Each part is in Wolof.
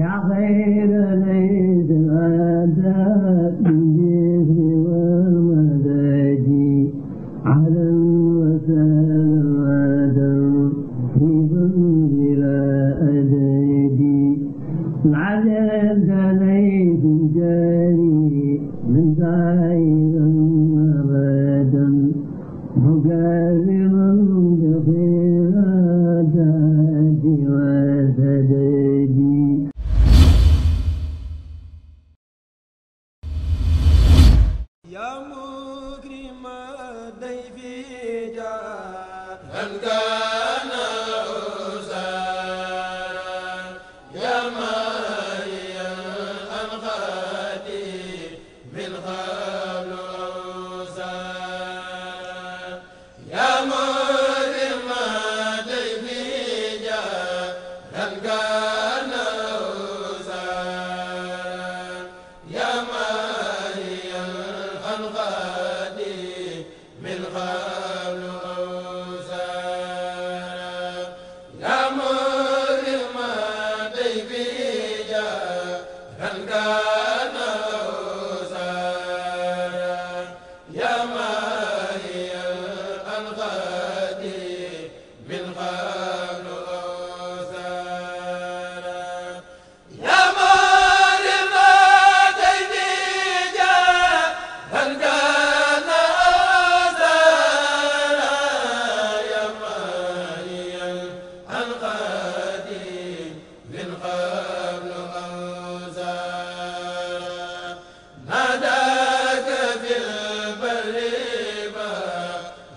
يا غير ليت أدى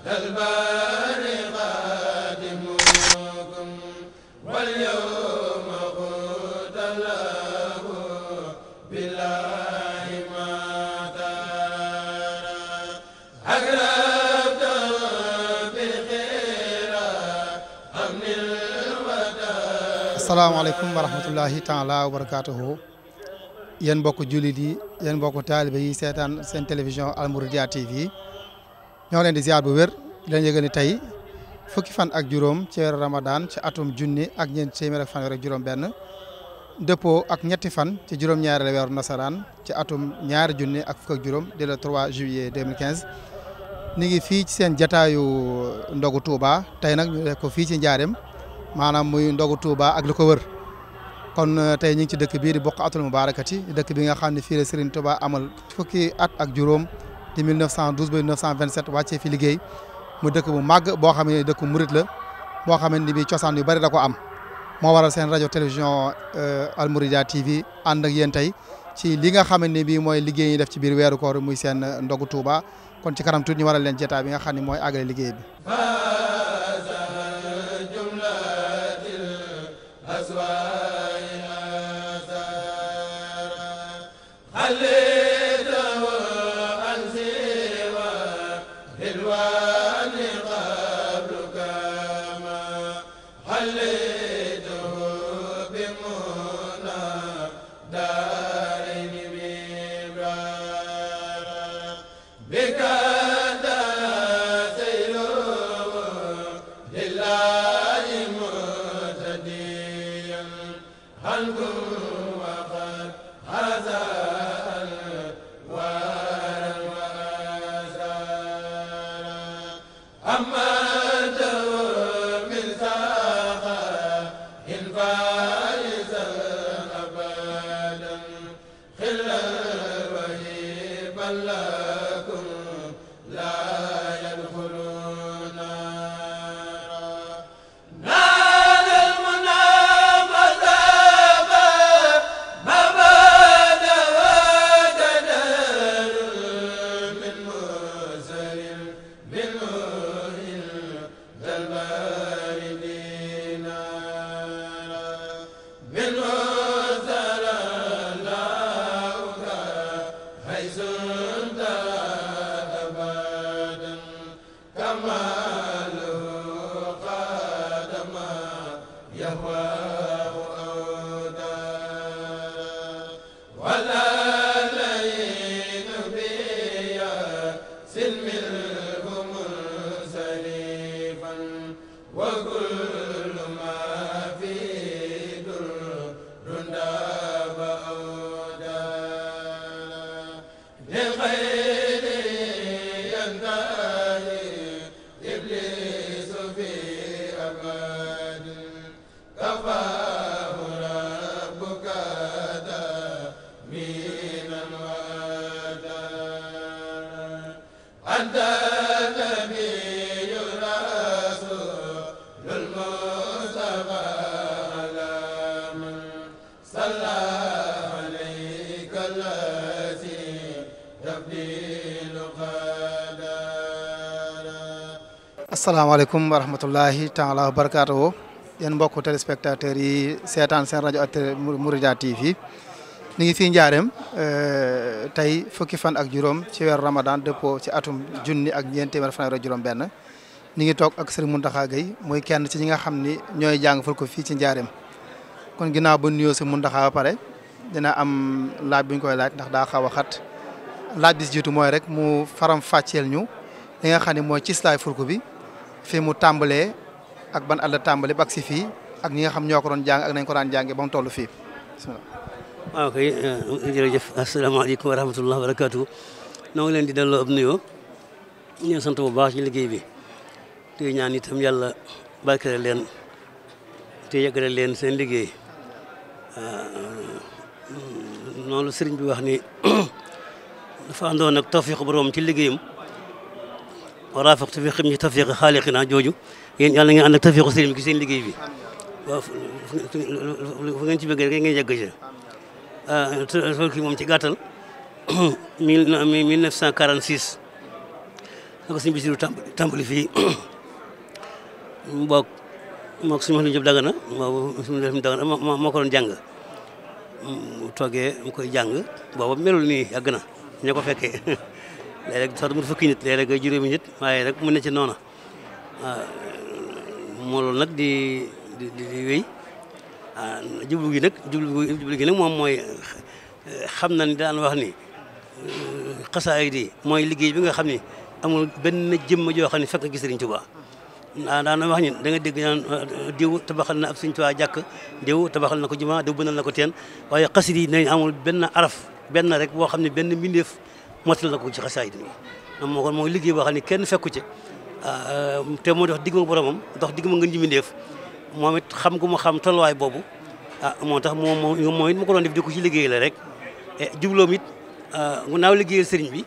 asalaamaaleykum wa rahmatullahi taala wa barakaatuhu yéen mbokk jullit yi yéen mbokk taalibe yi seetaan seen télévision Al Mouridiyyah TV ñoo leen di ziar bu wér di leen yëgal ni tey fukki fan ak juróom ci weeru Ramadan ci atum junni ak ñeent téeméer ak fanweer ak juróom-benn dëppoo ak ñetti fan ci juróom-ñaareelu weeru nasaraan ci atum ñaari junni ak fukk ak juróom di le 3 juillet 2015. ni ngi fii ci seen jataayu ndogu Touba tey nag ñu def ko fii ci Njaareem maanaam muy ndogu Touba ak li ko wër kon euh, tey ñu ci dëkk bii di Bokk atul mu Mubaarakati dëkk bi nga xam ne fii la Serigne amal fukki at ak juróom. di 1912 ba 1927 wàccee fi liggéey mu dëkk bu màgg boo xam ne dëkk murit la boo xam ne bi cosaan yu bari da ko am moo waral seen rajo télévision euh, Al Mouridiyyah TV ànd ak yéen tey ci li nga xam ne bii mooy liggéey ñu def ci biir weeru koor muy seen euh, ndogu Touba kon ci kanam tuuti ñu waral leen jotaay bi nga xam ne mooy àggale liggéey bi. Assalamualaikum warahmatullahi taala wabarakatuh. Yen yéen mbokku yi setan sen radio at Mourida TV ni ngi fii euh tay fukki fan ak juróom ci Ramadan depo ci atum junni ak ñeent fan ak juróom ben ni ngi tok ak Serigne Mountakha gay moy kenn ci ñinga xamni ñoy ni fulko fi ci Njaareem kon ginaaw ba nuyo ci Mountakha ba pare dina am laaj buñ koy laaj ndax da xawa xat laaj bis jitu moy rek mu faram faccel ñu nga xam moy ci slay fulko bi. fi mu tàmbalee ak ban at la tàmbalee ba si fii ak ñi nga xam ñoo ko doon jàng ak nañ ko daan jàngee ba mu toll fii bisimilah. waaw kay euh, jërëjëf asalaamaaleykum wa rahmatulah barakaatu. noo leen di delloo ab nuyoo ñu leen sant bu baax ci liggéey bi te ñaan itam yàlla barkeel leen te yeggal leen seen liggéey euh, noonu la sëriñ bi wax ni dafa àndoon ak tawfiq ci liggéeyam. wa raafaqtu fi xidmati tawfiiqa xaaliqinaa jooju yéen yàlla ngeen ànd ak tawfiiqu sëriñ ci seen liggéey bi waaw fu ngeen ci bëgg rek ngeen yegg ci ah, tool ki moom cent quarante six la ko sëriñ Basiru tàmbali fii mboog moog suñu wax lu jëp dagana moo suñu def dagana moo ko doon jàng mu toogee mu koy jàng booba melul nii yàgg na ña ko fekkee léeg-léeg sax du fukki nit léeg-léeg ay juróomi nit waaye rek mu ne ci noona moo nag di di wéy jublu gi nag jublu gi nag moom mooy xam na ni daan wax ni xasaayid yi mooy liggéey bi nga xam ni amul benn jëmm joo xam ne fekk gis Sëriñ Tuubaa ah daana wax ni da nga dégg naan diw tabaxal na ab Sëriñ Tuubaa jàkk diw tabaxal na ko jumaa diw bënal na ko teen waaye xasida yi nañ amul benn araf benn rek boo xam ne benn mbindeef motal na ko ci xasaayid mi moom moo kon mooy liggéey boo xam ne kenn fekku ci ah, te moo dox digg ma boromam dox digg ma ngën ji mbindéef moom it xam gu ma xam tolluwaay boobu ah moo tax moom moom it ko doon def di ci liggéey la rek e, jubloom it ah, naaw liggéeyal sëriñ bi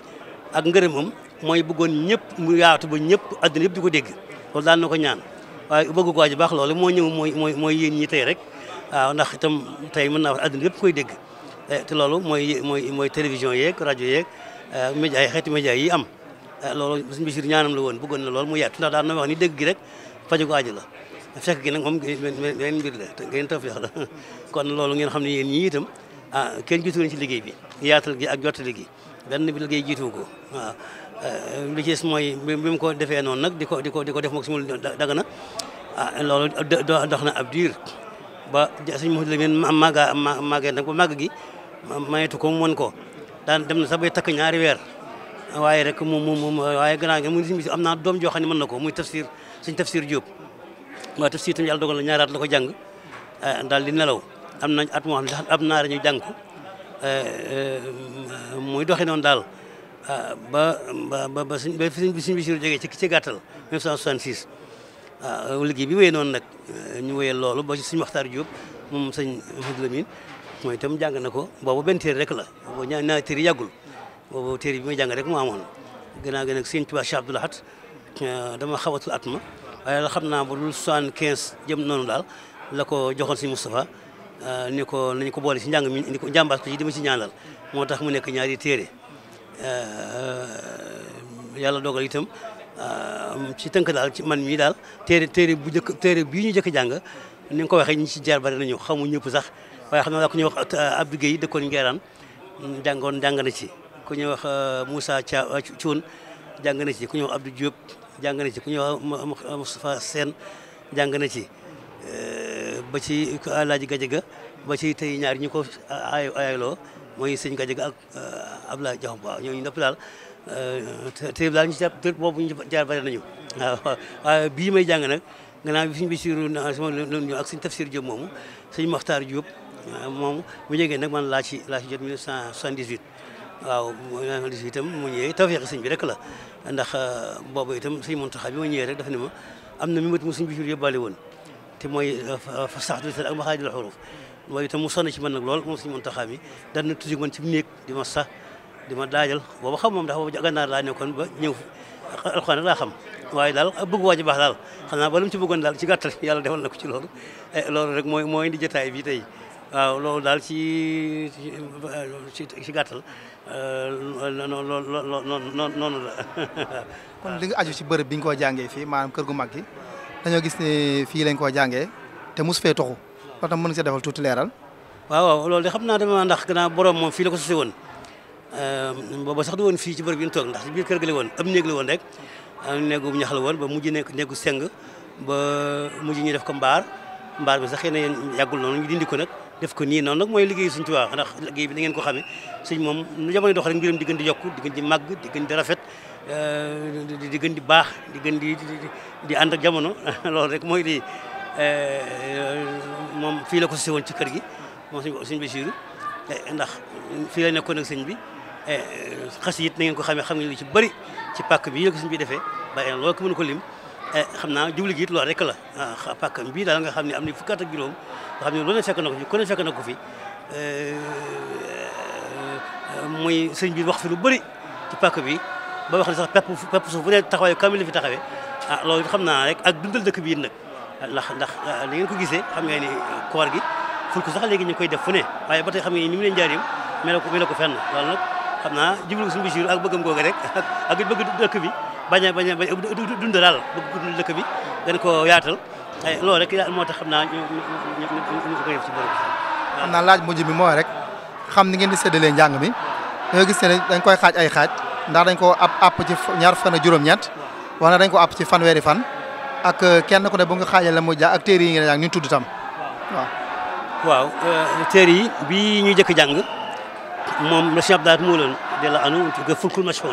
ak ngërëmam mooy bëggoon ñëpp mu yaatu ba ñëpp àddina yëpp di ko dégg loolu daan na ko ñaan waaye bëgg ko aji baax loolu moo ñëw mooy mooy mooy yéen ñi tey rek ah, ndax itam tey mën naa wax àddina yëpp koy dégg e, loolu mooy mooy mooy télévision yeeg rajo yeeg Euh, média yi xeeti média yi am euh, loolu suñu Bachir ñaanam la woon bëggoon na loolu mu yaatu ndax daan na wax ni dëgg gi rek faju ko aju la fekk gi nag moom ngeen mbir la ngeen tawfeex la kon loolu ngeen xam ne yéen ñii itam ah, kenn jiitu leen ci liggéey bi yaatal gi ak jottali gi benn bi liggéey jiitu ko waaw euh, li ci des mooy bi mu ko defee noonu nag di ko di ko di ko def moom si mu Dagana ah loolu dox na ab ba suñ mo la ngeen màgga màggee nag ba gi mayetu ko mu mën ko daan dem na sax bay takk ñaari weer waaye rek mu moom waaye gannaaw gi mu ngi si am naa doom joo xam ne mën na ko muy tafsir suñ tafsir Diop waaw tafsir tam yàlla dogal na ñaari at la ko jàng eh, daal di nelaw am nañ at moo xam ne sax am naara ñu jàng ko eh, muy doxee noonu daal eh, ba ba ba suñ ba suñ suñ Basiru jógee ci ci gàttal 1966 waaw ah, liggéey bi wéy noonu nag ñu wéyal loolu ba suñ Maxtaar Diop moom sëñ Mouhamadou mooy itam jàng na ko boobu benn téere la boobu ñaa naa téere yàggul boobu téere rek mu amoon gannaaw gi nag sëñ Tuubaa euh, at ma xam naa bu dul soixante-quinze jëm noonu daal la ko joxoon sëñ Moustapha euh, ni ko nañu ko boole si njàng mi ni ko njàmbaas ko ci si ñaanal moo tax mu nekk ñaari téere euh, yàlla dogal itam ci tënk daal ci man mii daal téere téere bu njëkk téere bii ñu jëkk jàng ni nga ko waxee ñi ci jaar bari nañu xamu ñëpp sax waaye xam naa daa ku ñuy wax euh, Abdou Guèye dëkkoon Ngeeraan mm, jàngoon jàng na ci ku ñuy wax euh, Moussa Thia euh, Thioune jàng ci ku ñuy wax Abdou Diop ci ku ñuy wax Moustapha Sène jàng na ci ba ci Alaaji Gajaga ba ci tey ñaar ñu ko ay mooy sëñ Gajaga ak Abdoulaye Diakhoum waaw ñooñu ñëpp daal te daal ñu ci jàpp boobu nañu waaw waaye bii gannaaw bi suñu Bassirou noonu ñu ak suñu tafsir Diop moomu suñu Mokhtar Diop moom mu jógee nag man laa ci laa ci jot 1978 waaw 1978 itam mu ñëwee tawfeex sëñ bi rek la ndax boobu itam suñu Mountakha bi ma ñëwee rek daf ne ma am na mimët mu suñu Bassirou yóbbaale woon te mooy fa saxtu ak maxaajul xuruf mooy itam mu sonn ci man nag lool moom suñu Mountakha mi daan na toujours man ci mu néeg di ma sax di ma daajal booba xam moom ndax boobu gànnaar laa nekkoon ba ñëw alxuraan laa xam waaye daal bëgg waa ji baax daal xanaa ba lu mu ci bëggoon daal ci gàttal yàlla defal na ko ci loolu eh, loolu rek mooy mooy indi jotaay bi tey loolu daal ci ci gàttal noonu eh, noonu noonu la. kon li nga aju ci bërëb bi ñu ko jàngee fii maanaam kër gu mag gi dañoo gis ne fii lañ koo jàngee te mos fee toxu loolu tam mën nga defal tuuti leeral. waaw loolu de xam naa dama ndax gannaaw borom moom fi la ko woon eh, booba sax du woon fii ci bërëb yi ñu toog ndax biir kër gi la woon am néeg la rek. néegu ñax la woon ba mujj nekk néegu seng ba mujj ñu def ko mbaar mbaar bi sax xëy na yàggul noonu ñu dindi ko nag def ko nii noonu nag mooy liggéey suñ Tuubaa ndax liggéey bi da ngeen ko xamee suñ moom nu jamono dox rek mbiram di gën di yokku di gën di màgg di gën di rafet euh, di gën di baax di gën di di ànd ak jamono loolu rek mooy di euh, euh, moom fii la ko si woon ci kër gi moom suñ suñ Basiiru eh, ndax fii la nekkoon ak sëñ bi xas it na ngeen ko xamee xam ngeen lu ci bëri ci pàkk bi ñu ko suñ bi defee bàyyi loolu ko mën ko lim xam naa jubli gi it loolu rek la pàkk bi daal nga xam ne am na fukki at ak juróom nga xam ne loolu fekk na ko fi ku ne fekk na ko fi muy sëñ bi wax fi lu bëri ci pàkk bi ba wax ne sax pepp pepp suuf bu ne taxawaayu kamil la fi taxawee ah loolu it xam naa rek ak dundal dëkk bi it nag ndax ndax li ngeen ko gisee xam ngeen ni koor gi ful ko sax léegi ñu koy def fu ne waaye ba tey xam ngeen ni mu leen jaarim mel ko mel ko fenn loolu nag xam naa jublu suñu Bachir ak bëggam googu rek ak bëgg dëkk bi bañ a bañ a bañ dund daal bëgg dund dëkk bi gën koo yaatal eh, moo tax xam naa ñu ñu ko yëf ci borom xam naa laaj mujj bi mooy rek xam ni gen di séddalee njàng mi dañoo gis ne dañ koy xaaj ay xaaj ndax dañ ko ab àpp ci ñaar fan a juróom-ñett wala dañ ko àpp ci fanweeri fan ak euh, kenn ko ne bu nga xaajal la mu jaa ak téere yi ngeen jàng ñu tudd tam waaw waaw euh, téere yi bi ñu jëkk jàng moom monsieur Abdoulaye Moulane de la anu tuuti fulkul machon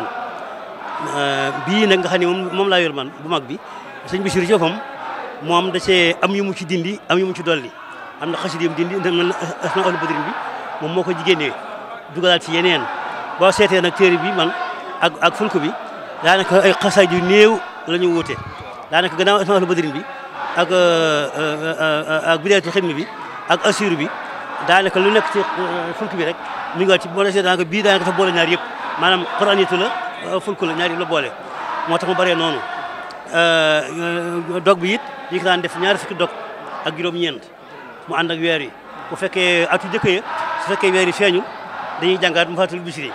euh, bii nag nga xam ne moom moom laa yor man bu mag bi sëñ Bachir Diofam moom da cee am yu mu ci dindi am yu mu ci dolli am na xasida yu mu dindi am na badrin bi moom moo ko jigéenee dugalaat ci yeneen boo seetee nag téere bi man ak ak fulku bi daanaka ay xasaay yu néew la wuute daanaka gannaaw asmaa olu badrin bi ak euh, euh, ak bidaayatul xidma bi ak assur bi daanaka lu nekk ci fulku bi rek. mi ngi ci boole see daanaka bii daanaka dafa boole ñaar yëpp maanaam xoranitu la euh, fulku la ñaar yëpp la boole moo tax mu baree noonu euh, dog bi yit ñu ngi def ñaar fukki dog ak juróom-ñeent mu ànd ak weer yi bu fekkee atu jëkk ya su fekkee weer yi feeñu dañuy jàngaat mu fàttali bisiri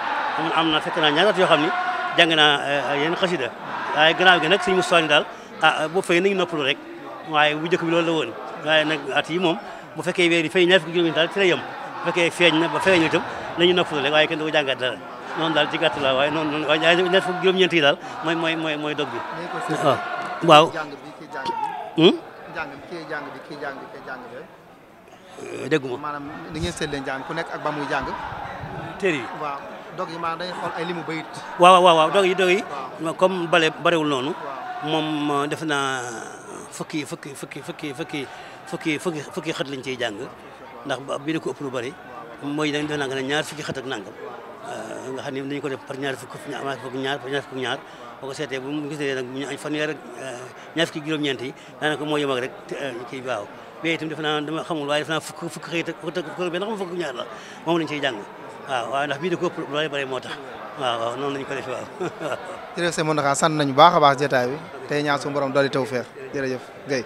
am na fekk naa ñaari yoo xam ni jàng naa euh, yenn xasida waaye gannaaw gi nag suñu mustaani daal a ah, boo fay nañu noppalu rek waaye bu jëkk bi loolu la woon waaye nag at yi moom bu fekkee weer yi feeñ ñaari fukki juróom-ñeent daal ci la yem bu fekkee feeñ na dañuy noppalu rek waaye kenn du ko jàngat dara noonu daal ci gàtt la waaye noonu waaye ñaar ñaar fukk juróom-ñeent yi daal mooy mooy mooy mooy dog bi waaw waaw jàng bi kii jàng bi kii jàng bi kii jàng bi leen jàng ku nekk ak ba muy jàng téer yi waaw dog yi maanaam dañuy xool ay limu bayit waaw waaw waaw dog yi dog yi comme bale barewul noonu moom def naa fukki fukki fukki fukki fukki fukki xët lañ ciy jàng ndax bi da ko ëpp lu bari mooy dañ def nanga ne ñaar fukki xat ak nangam euh, nga xam ne dañu ko def par ñaar fukk ñaar fukk ñaar par ñaar fukk ñaar boo ko euh, ñaar fukki juróom-ñeent yi daanaka moo rek euh, kii waaw bee itam defe naa dama xamul waaye defe naa fukk fukk xëy tak fukk ñaar la moom lañu ciy jàng waaw ndax bii da ko ëpp loolu bare moo tax waaw waaw noonu lañu ko def waaw jërëjëf sëñ Mountakha sant nañu baax a baax jotaay bi tey borom dooli taw feex jërëjëf Guèye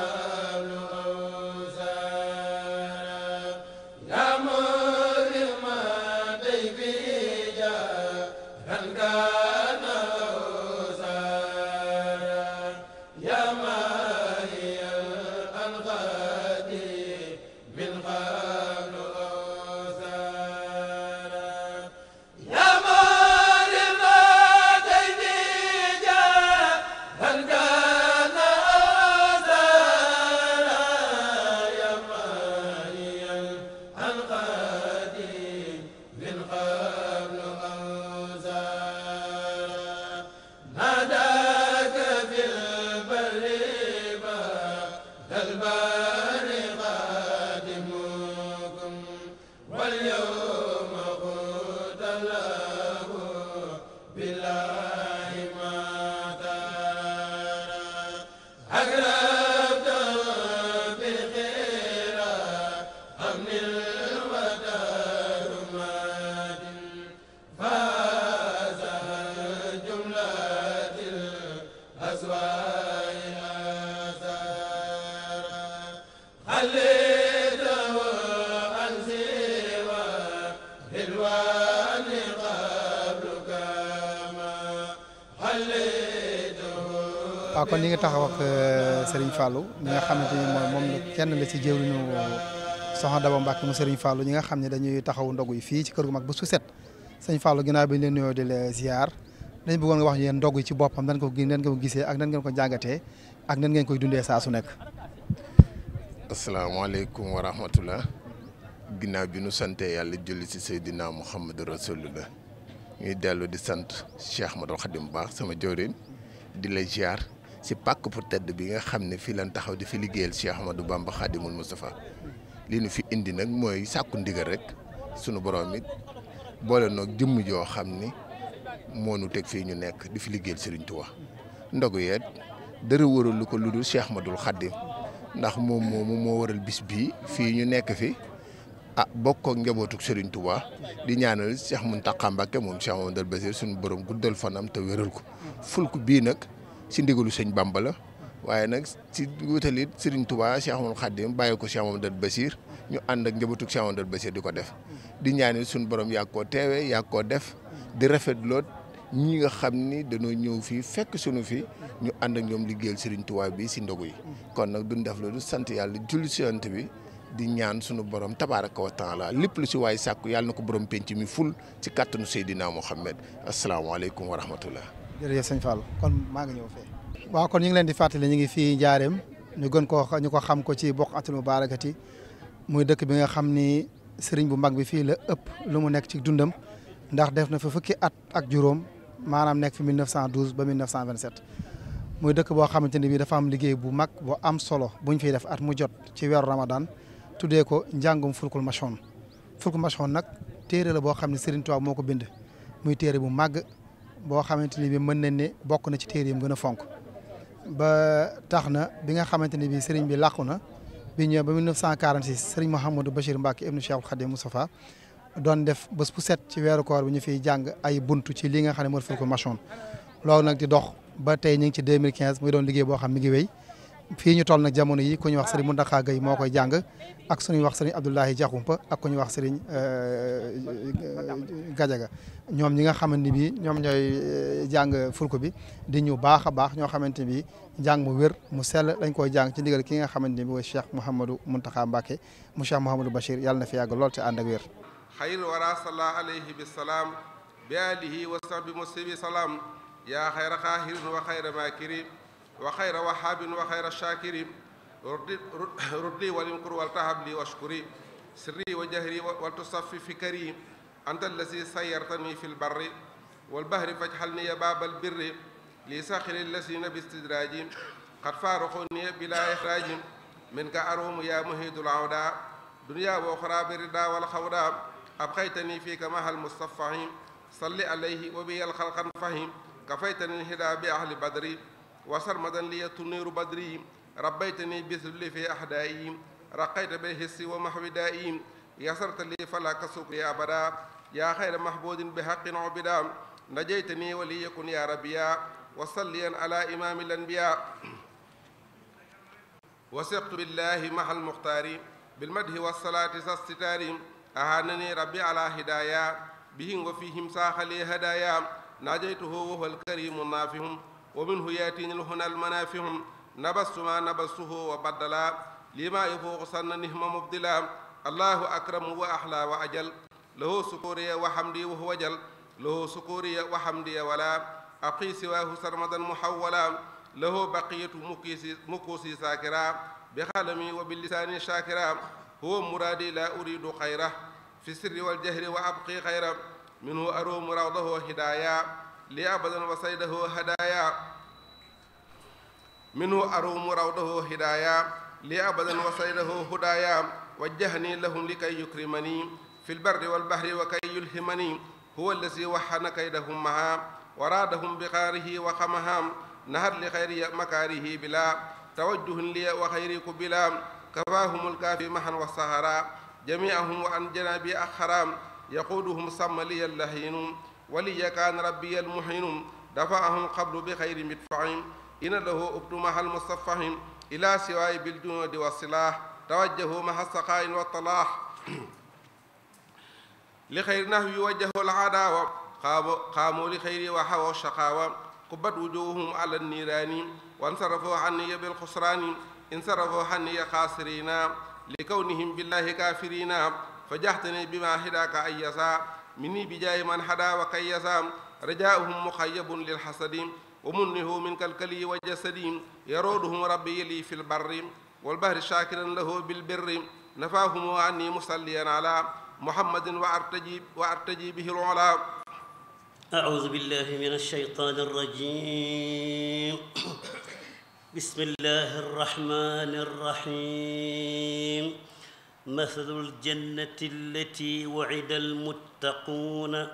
الله ñi nga xamante ni mooy moom kenn la ci jëwriñu soxna Daba Mbacke mu Serigne Fallou ñi nga xam ne dañuy taxaw ndogu yi fii ci kër gu mag ba su set sëñ Fallou ginnaaw bi ñu leen nuyoo di la ziar dañ bëggoon nga wax ñu yéen ndogu yi ci boppam nan ko nan ko gisee ak nan ngeen ko jàngatee ak nan ngeen koy dundee saa su nekk asalaamaaleykum wa rahmatullah ginnaaw bi nu sante yàlla julli ci Seydina Muhammad Rasulullah ñuy dellu di sant Cheikh Ahmadou Khadim baax sama jëwriñ di la ziar ci pak pour tedd bi nga xamne fi lan taxaw di fi liggéeyal Cheikh Ahmadou Bamba Khadimul mustafa li nu fi indi nak moy sàkku ndigal rek sunu borom nit boole noog jëmm joo xam ni moo nu tek fi ñu nek di fi liggéeyal Serigne Touba ndogu yeet dara wëral lu ko lu Cheikh Ahmadou Khadim ndax mom mom mo wëral bis bi fi ñu nek fi ah bokko ak Serigne Touba di ñaanal Cheikh Mountakha mbake mom Cheikh Mamadou Basir suñu borom guddal fanam te wéral ko fulku bi nak ci ndigalu sëñ Bamba la waaye nag si wutalit Serigne Touba Cheikh Ahmadou Khadim bàyyi ko Cheikh Mamadou Bassir ñu ànd ak njabootu Cheikh Mamadou di ko def di ñaanal suñu borom yàgg koo teewee yàgg koo def di rafetloo ñi nga xam ni dañoo ñëw fii fekk suñu fi ñu ànd ak ñoom liggéeyal Serigne Touba bi si ndogu yi kon nag duñ def loolu sant yàlla julli si yonent bi di ñaan sunu borom tabaaraka wa taala lépp lu si waaye sàkku yàlla na ko borom penc mi ful ci kàttanu Seydina Muhammad asalaamaaleykum wa rahmatullah jërëjëf sëñ Fall kon maa ngi ñëw fee. waaw kon ñu ngi leen di fàttali ñu ngi fii Njaareem ñu gën koo ñu ko xam ko ci Buqatul Mubarakati muy dëkk bi nga xam ni sëriñ bu mag bi fii la ëpp lu mu nekk ci dundam ndax def na fa fukki at ak juróom maanaam nekk fi 1912 ba 1927. muy dëkk boo xamante ni bii dafa am liggéey bu mag boo am solo buñ fiy def at mu jot ci weeru Ramadan tuddee ko njàngum Fulkul Machon Fulkul Machon nag téere la boo xam ne Serigne Touba moo ko bind muy téere bu màgg. boo xamante ni bi mën nañ ni bokk na ci téere yi mu gën a fonk ba tax na bi nga xamante ne bi sëriñ bi làqu na bi ñëw ba 1946 sëriñ Mouhamadou Bachir Mbacke ibnu Cheikh Khadim Moustapha doon def bés bu set ci weeru koor bi ñu fiy jàng ay buntu ci li nga xam ne moo fil ko machoon loolu nag di dox ba tey ñu ngi ci 2015 muy doon liggéey boo xam mi ngi wéy fii ñu toll nag jamono yi ko ñuy wax sëriñ Mountakha Gueye moo koy jàng ak suñuy wax sëriñ Abdoulahi Diakhoumpa ak ku ñuy wax sëriñ euh, Gadiaga ñoom ñi nga xamante ni bii ñoom ñooy euh, jàng fulku bi di ñu baax a baax ñoo xamante ni bii njàng mu wér mu sell dañ koy jàng ci ndigal ki nga xamante ni bii mooy Cheikh Mouhamadou Mountakha mu Cheikh Mouhamadou Bachir yàlla na fi yàgg lool te ànd ak wér xayil wara sala alayhi bi salaam bi alihi wa sahbi muslibi xayra xaahirin wa وخير وحاب وخير الشاكر ردي والمكر والتهب لي واشكري سري وجهري والتصفي فكري أنت الذي سيرتني في البر والبهر فاجعلني باب البر لي ساخر الذين باستدراج قد فارقوني بلا إخراج منك أروم يا مهيد العودة دنيا وأخرى بردا والخودا أبقيتني فيك مع المصطفى صلي عليه وبي الخلق فهم كفيتني الهدى بأهل بدري مدن لي تنير بدري ربيتني بذل في أحدائي رقيت بالهس ومحو دائم يسرت لي فلا كسوك يا أبدا يا خير محبود بحق عبدا نجيتني وليكن يا ربيا وصليا على إمام الأنبياء وسقت بالله مع المختار بالمده والصلاة سستار أهانني ربي على هدايا بهم وفيهم ساخ لي هدايا نجيته وهو الكريم النافهم ومنه ياتين لهنا المنافهم نبس ما نبسه وبدلا لما يفوق سننهم مبدلا الله أكرم وأحلى وأجل له سكوري وحمدي وهو جل له سكوري وحمدي ولا أقي سواه سرمدا محولا له بقية مكوسي ساكرا بخلمي وباللسان شاكرا هو مرادي لا أريد خيره في السر والجهر وأبقي خيرا منه أروم روضه هدايا ليعبدا وسيده هدايا منه أروم روضه هدايا ليعبدا وسيده هدايا وجهني لهم لكي يكرمني في البر والبحر وكي يلهمني هو الذي وحن كيدهم معا ورادهم بقاره وخمها نهر لخير مكاره بلا توجه لي وخيرك بلا كفاهم الكافي محا والسهرا جميعهم وأن جنابي أخرام يقودهم صم لي اللهين ولي كان ربي المحين دفعهم قبل بخير مدفعين إن له أبتمها المصفح إلى سواي بالجنود والسلاح توجه مها السقاين والطلاح لخير نهي وجه العداوة قاموا لخير وحووا الشقاوة قبت وجوههم على النيران وانصرفوا عني بالخسران انصرفوا عني خاسرين لكونهم بالله كافرين فجحتني بما هداك أيسا مني بجاي من حدا وكي يسام رجاؤهم مخيب للحسدين ومنه من كالكلي وجسدين يرودهم ربي لي في البر والبهر شاكرا له بالبر نفاهم عني مصليا على محمد وارتجي وارتجي به العلا أعوذ بالله من الشيطان الرجيم بسم الله الرحمن الرحيم مثل الجنة التي وعد المتقين تتقون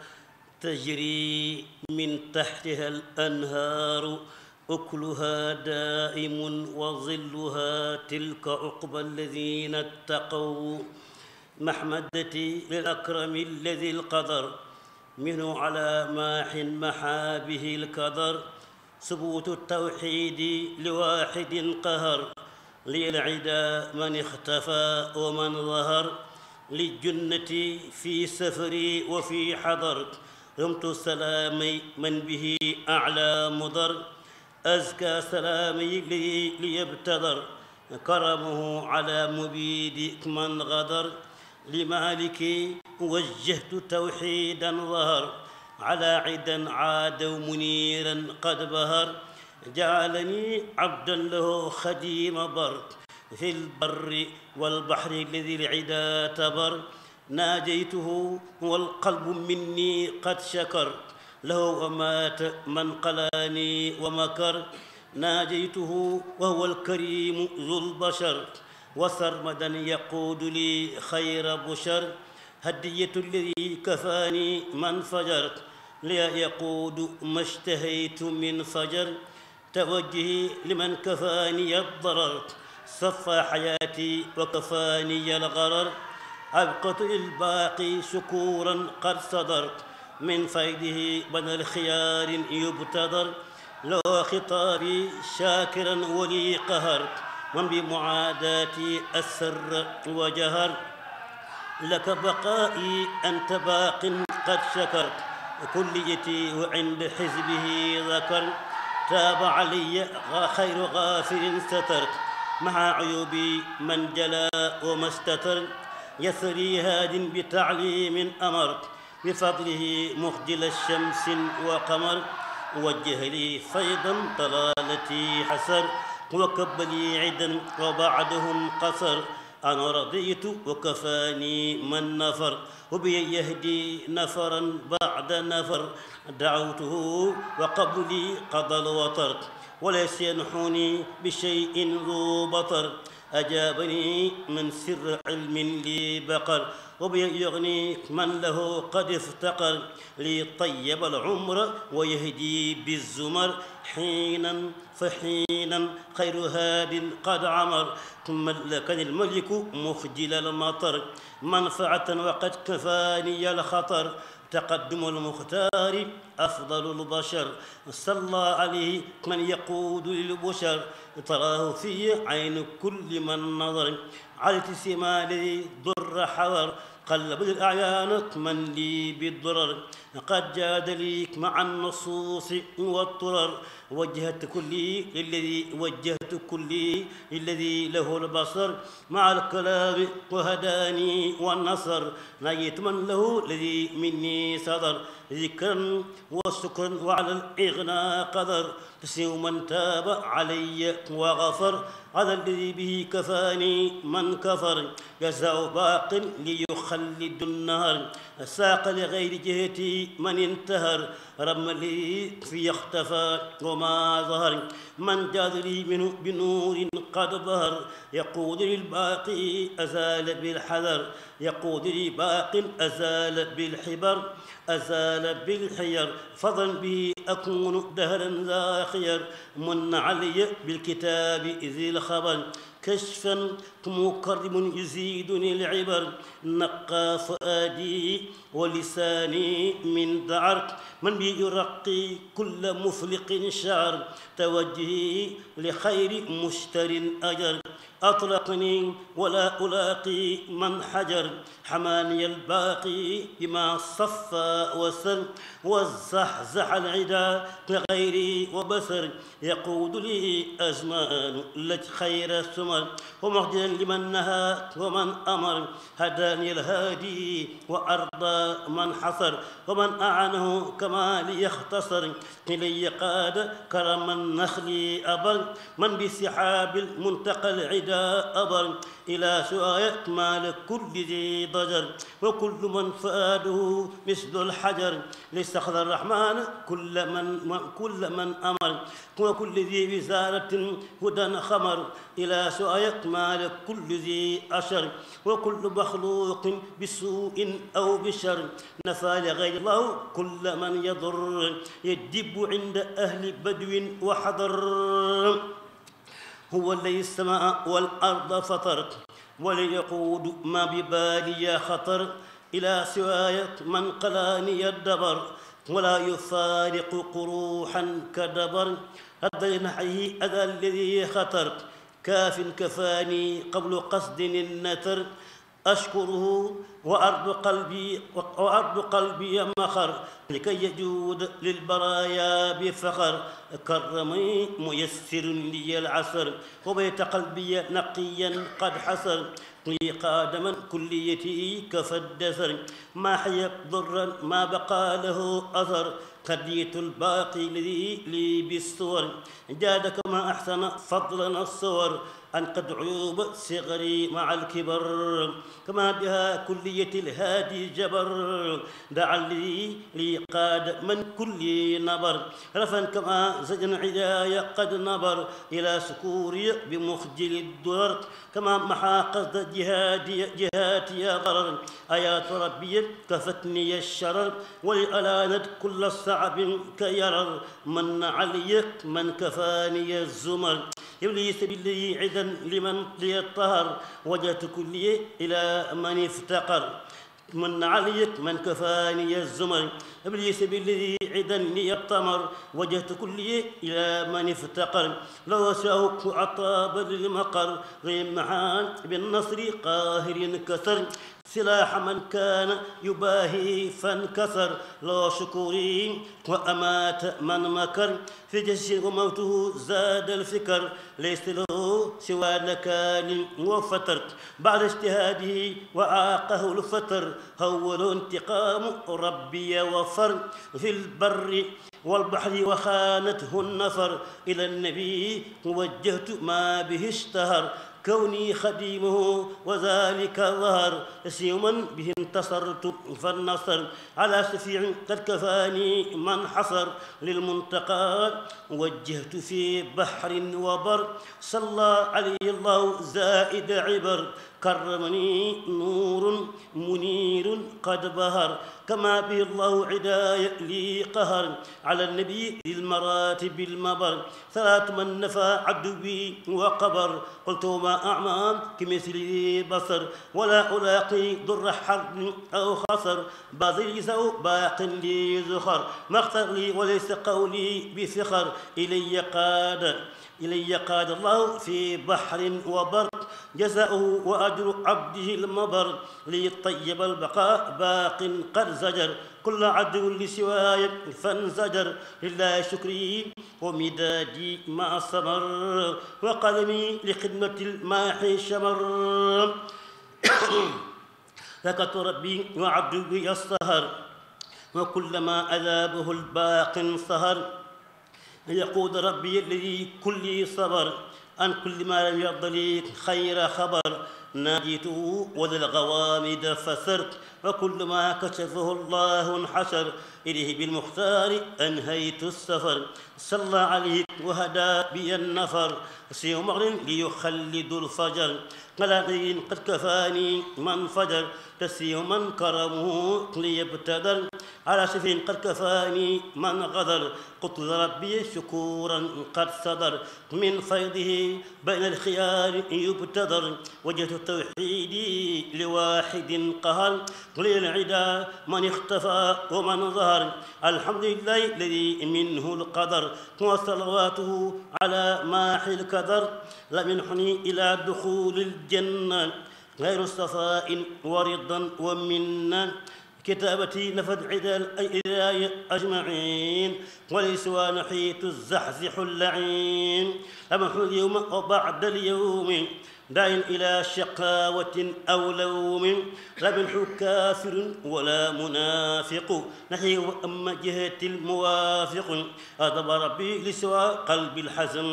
تجري من تحتها الأنهار أكلها دائم وظلها تلك عقبى الذين اتقوا محمدتي للأكرم الذي القدر منه على ماح محا به الكدر ثبوت التوحيد لواحد قهر للعدا من اختفى ومن ظهر للجنة في سفري وفي حضر رمت سلامي من به أعلى مضر أزكى سلامي لي ليبتدر كرمه على مبيد من غدر لمالك وجهت توحيدا ظهر على عدا عاد منيرا قد بهر جعلني عبدا له خديم برد في البر والبحر الذي العدا تبر ناجيته والقلب مني قد شكر له ومات من قلاني ومكر ناجيته وهو الكريم ذو البشر وسرمدا يقود لي خير بشر هدية الذي كفاني من فجر لا يقود ما اشتهيت من فجر توجهي لمن كفاني الضرر صفى حياتي وكفاني الغرر أبقت الباقي شكورا قد صدرت من فيده بنى الخيار يبتدر لو خطابي شاكرا ولي قهرت من بمعاداتي أسر وجهر لك بقائي أنت باق قد شكرت كليتي وعند حزبه ذكر تاب علي خير غافل سترت مع عيوب من جلا وما استتر يثري هاد بتعليم أمر بفضله مخجل الشمس وقمر وجه لي فيضا طلالتي حسر وكب لي عدا وبعدهم قصر أنا رضيت وكفاني من نفر وبيهدي نفرا بعد نفر دعوته وقبلي قضى الوتر وليس ينحوني بشيء ذو بطر أجابني من سر علم لي بقر وبيغني من له قد افتقر ليطيب العمر ويهدي بالزمر حينا فحينا خير هاد قد عمر ثم لكن الملك مخجل المطر منفعة وقد كفاني الخطر تقدم المختار أفضل البشر صلى عليه من يقود للبشر تراه في عين كل من نظر على السما الذي ضر حضر قلب الأعيان اطمن لي بالضرر قد جاد ليك مع النصوص والطرر وجهت كلي الذي وجهت كلي الذي له البصر مع الكلام وهداني والنصر نجيت من له الذي مني صدر ذكرا وشكرا وعلى الإغنى قدر تسيو من تاب علي وغفر على الذي به كفاني من كفر جزاء باق ليخلد النهر الساق لغير جهتي من انتهر رملي في اختفى وما ظهر من جاز لي منه بنور قد ظهر يقود الباقي أزال بالحذر يقود لي باق أزال بالحبر أزال بالحير فضل به أكون دهرا ذا خير من علي بالكتاب إذ الخبر كشفا مكرم يزيدني العبر نقى فؤادي ولساني من دعر من بيرقي كل مفلق شعر توجهي لخير مشتر أجر أطلقني ولا ألاقي من حجر حماني الباقي بما صفى وسر وزحزح العدا كغيري وبسر يقود لي أزمان لك خير السمر ومخجل لمن نهى ومن أمر هداني الهادي وأرضى من حصر ومن أعانه كما ليختصر إلي قاد كرم النخل أبر من بسحاب المنتقى العدا أبر إلى سؤال إكمال كل ذي ضجر وكل من فؤاده مثل الحجر لاستخذ الرحمن كل من كل من أمر وكل ذي وزارة هدى خمر إلى سؤال إكمال كل ذي أشر وكل مخلوق بسوء أو بشر نفى لغير الله كل من يضر يدب عند أهل بدو وحضر هو الذي السماء والأرض فطر وليقود ما ببالي خطر إلى سواية من قلاني الدبر ولا يفارق قروحا كدبر أدى نحيه أذى الذي خطر كاف كفاني قبل قصد النتر أشكره وأرض قلبي وأرض قلبي مخر لكي يجود للبرايا بفخر كرمي ميسر لي العصر وبيت قلبي نقيا قد حسر لي قادما كليتي كفدسر ما حيا ضرا ما بقى له أثر خديت الباقي لي بالصور جادك ما أحسن فضلا الصور أنقد عيوب صغري مع الكبر كما بها كلية الهادي جبر دعا لي لقاد من كل نبر رفا كما زجن عداي قد نبر إلى سكوري بمخجل الدرر كما محا قصد جهادي جهاتي غرر آيات ربي كفتني الشرر ولألانت كل صعب كيرر من عليك من كفاني الزمر يبلي سبيلي عذر لمن ليطهر وجهت كلية إلى من افتقر من عليت من كفاني الزمر ابليس بالذي عدا لي الطمر وجهت كلي الى من افتقر لو شاءك عطاب للمقر غير محان بالنصر قاهر انكسر سلاح من كان يباهي فانكسر لو شكوري وامات من مكر في جيشه وموته زاد الفكر ليس له سوى نكال وفترت بعد اجتهاده وعاقه الفتر هول انتقام ربي وفر في البر والبحر وخانته النفر إلى النبي وجهت ما به اشتهر كوني خديمه وذلك ظهر سيما به انتصرت فالنصر على سفيع قد كفاني من حصر للمنتقى وجهت في بحر وبر صلى علي الله زائد عبر كرمني نور منير قد بهر كما به الله عداية لي قهر على النبي ذي المراتب المبر ثلاث من نفى عدوي وقبر قلت ما أعمى كمثلي بصر ولا ألاقي ضر حرب أو خسر باذل سو باق لي زخر ما اختر لي وليس قولي بسخر إلي قاد إلي قاد الله في بحر وبرق جزاؤه وأجر عبده المبر ليطيب البقاء باق قد زجر كل عدو لسواي فانزجر لله شكري ومدادي مع الصبر وقلمي لخدمة الماحي شمر لك ربي وعبده السهر وكلما أذابه الباق سهر يقود ربي الذي كل صبر عن كل ما لم يرض خير خبر ناديته وذا الغوامد فثرت وكل ما كشفه الله انحشر إليه بالمختار أنهيت السفر صلى عليه وهدى بي النفر سي عمر ليخلد الفجر قلقين قد كفاني من فجر تسي من كرمه ليبتدر على شف قد كفاني من غدر قلت ربي شكورا قد صدر من فيضه بين الخيار يبتدر وجهت توحيدي لواحد قهر العدا من اختفى ومن ظهر الحمد لله الذي منه القدر وصلواته على ماحي الكدر لم ينحني إلى دخول الجنة غير صفاء ورضا ومنا كتابتي نفد عدا الإله أجمعين وليس نحيت الزحزح اللعين أمحو اليوم وبعد اليوم داع إلى شقاوة أو لوم لا كافر ولا منافق نحي وأما جهة الموافق أدب ربي لسوى قلب الحزن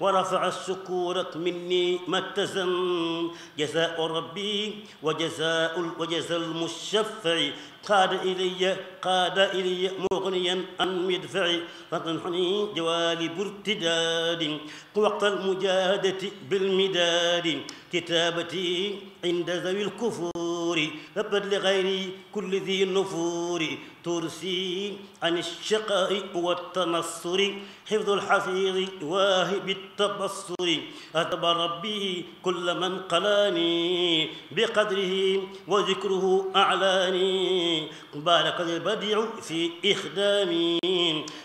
ورفع الشكور مني ما اتزن جزاء ربي وجزاء وجزاء المشفع قاد إلي قاد إلي مغنيا عن مدفعي فتنحني جوالي ارتداد وقت المجاهدة بالمداد كتابتي عند ذوي الكفور الدستور ربت لغيري كل ذي النفور ترسي عن الشقاء والتنصر حفظ الحفيظ واهب التبصر أدب ربي كل من قلاني بقدره وذكره أعلاني بارك البديع في إخدامي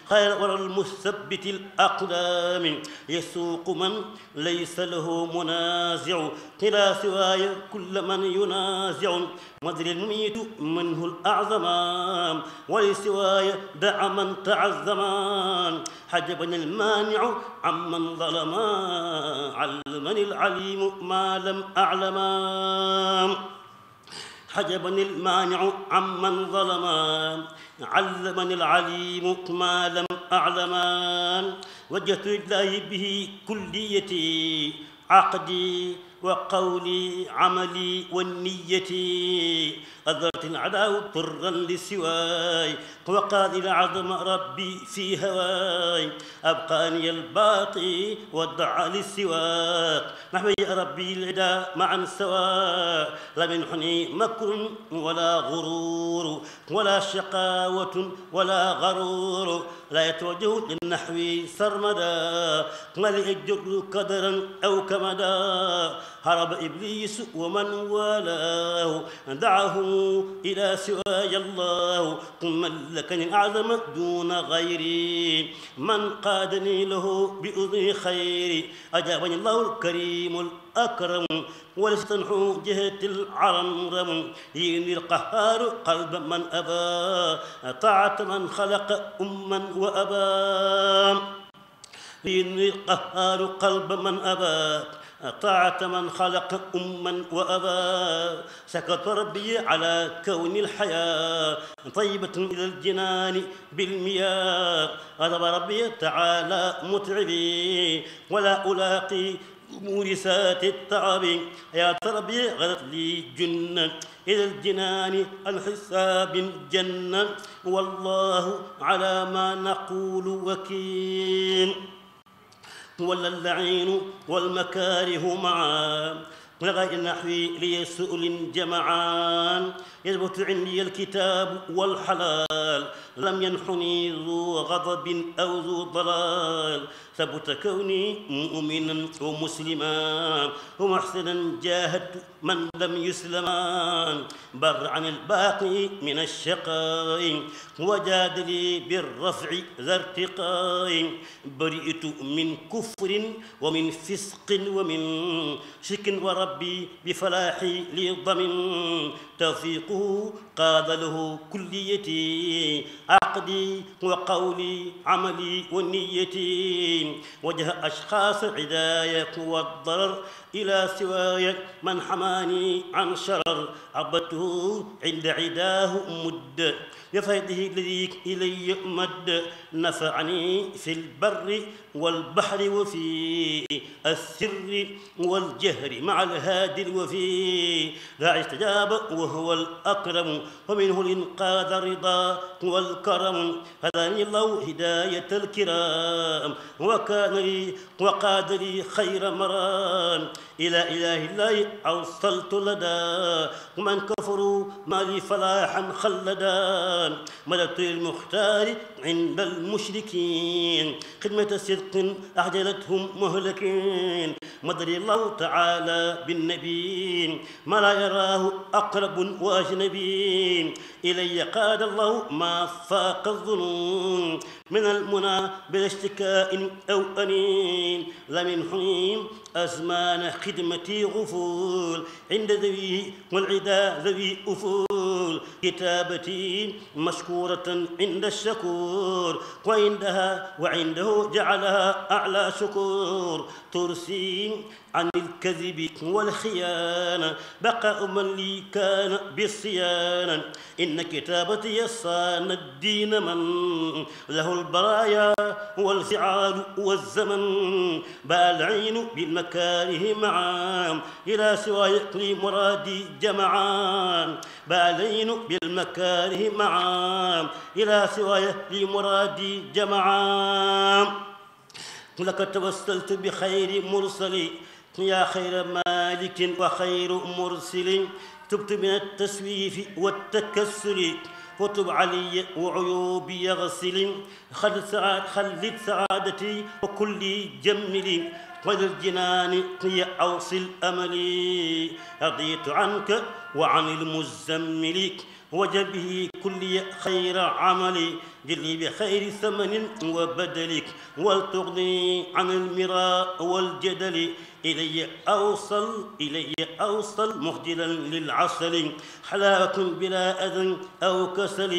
خير ورى المثبت الأقدام يسوق من ليس له منازع قلا سواي كل من ينازع مدري الميت منه الأعظم ولسواي دع من تعظم حجبني المانع عمن ظلم علمني العليم ما لم أعلم حجبني المانع عمن ظلم علمني العليم ما لم أعلم وجهت الله به كليتي عقدي وقولي عملي والنية أذرة عداه طرا لسواي وقال إلى عظم ربي في هواي أبقاني الباقي ودعا للسواق نحو يا ربي العدا معا سواء لم ينحني مكر ولا غرور ولا شقاوة ولا غرور لا يتوجه للنحو سرمدا ما لأجر قدرا أو كمدا هرب إبليس ومن والاه دعه إلى سواي الله قل من لكني أعظم دون غيري من قادني له بأذن خيري أجابني الله الكريم الأكرم ولستنحو جهة رم يغني القهار قلب من أبى طاعة من خلق أما وأبا يغني القهار قلب من أبى طاعة من خلق أما وأبا سكت ربي على كون الحياة طيبة إلى الجنان بالمياه غضب ربي تعالى متعبي ولا ألاقي مورسات التعب يا تربي غدت لي جنة إلى الجنان الحساب جنة والله على ما نقول وكيل ولا اللعين والمكاره معا لغير النحوي لي سؤل جمعان يثبت عندي الكتاب والحلال لم ينحني ذو غضب أو ذو ضلال ثبت كوني مؤمنا ومسلما ومحسنا جاهدت من لم يسلما بر عن الباقي من الشقاء وجادلي بالرفع ذا ارتقاء برئت من كفر ومن فسق ومن شك وربي بفلاحي لضمن توفيقه قاد له كليتي عقدي وقولي عملي ونيتي وجه أشخاص عدايك والضرر إلى سواي من حماني عن شرر عبدته عند عداه مد يفيده الذي إلي مد نفعني في البر والبحر وفي السر والجهر مع الهادي الوفي لا استجاب وهو الأكرم ومنه الإنقاذ الرضا والكرم هداني الله هداية الكرام وكان لي وقاد لي خير مرام إلى إله الله أوصلت لدى ومن كفروا ما لي فلاحا خلدا مددت المختار عند المشركين خدمة السر صدق أعجلتهم مهلكين مدري الله تعالى بالنبيين ما لا يراه أقرب وأجنبين إلي قاد الله ما فاق الظنون من المنى بلا اشتكاء أو أنين لمنحهم أزمان خدمتي غفول عند ذوي والعدا ذوي أفول كتابتي مشكورة عند الشكور وعندها وعنده جعلها أعلى شكور ترسي عن الكذب والخيانة بقاء من لي كان بالصيانة إن كتابتي صان الدين من له البرايا والفعال والزمن باء العين بالمكاره معا إلى سوى يقلي مرادي جمعان باء العين بالمكاره معا إلى سوى يقلي مرادي جمعان لك توسلت بخير مرسلي يا خير مالك وخير مرسل تبت من التسويف والتكسل وتب علي وعيوبي غسل خلد, سعادتي وكل جملي قد الجنان هي أوصل أملي رضيت عنك وعن المزمل وجبه كل خير عملي جلي بخير ثمن وبدلك ولتغني عن المراء والجدل إلي أوصل إلي أوصل مهجلا للعسل حلاوة بلا أذى أو كسل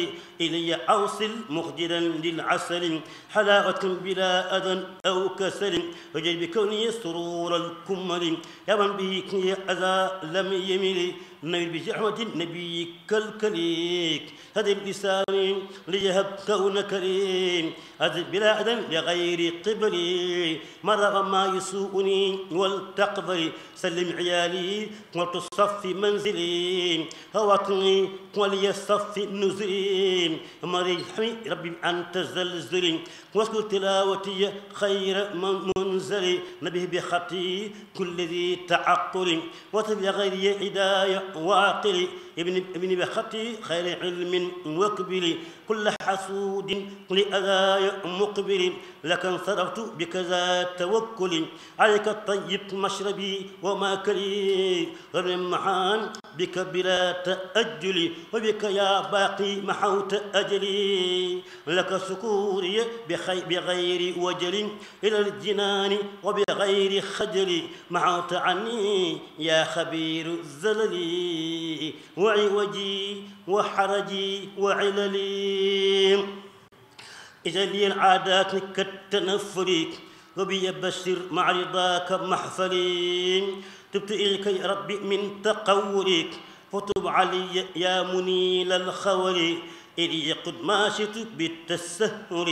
إلي أوصل مخجلا للعسل حلاوة بلا أذى أو كسل وجد بكوني سرور الكمل يا من به كني أذى لم يمل نبي بزحمة النبي كالكليك هذا بلساني ليهب كون كريم هذا بلا أذن لغير قبلي مرة ما يسوءني والتقبلي سلم عيالي وتصفي منزلي طوقني وليصف النزيم مريحي ربي أنت زلزلي واسكن تلاوتي خير من منزل نبيه بخطي كل ذي تعقل وصل غيري هداية واقل ابن ابن بخطي خير علم وكبل كل حسود كل أذاي مقبل لك انصرفت بكذا توكل عليك الطيب مشربي غير الرمحان بك بلا تأجل وبك يا باقي محوت أجلي لك سكوري بخطي بغير وجل إلى الجنان وبغير خجل مع تعني يا خبير الزلل وعوجي وحرجي وعللي إذا لي العادات كالتنفريك وبيبشر مع رضاك محفلي تبت كي يا ربي من تقولك فتب علي يا منيل الخوري إذ يقد ما شئت بالتسهل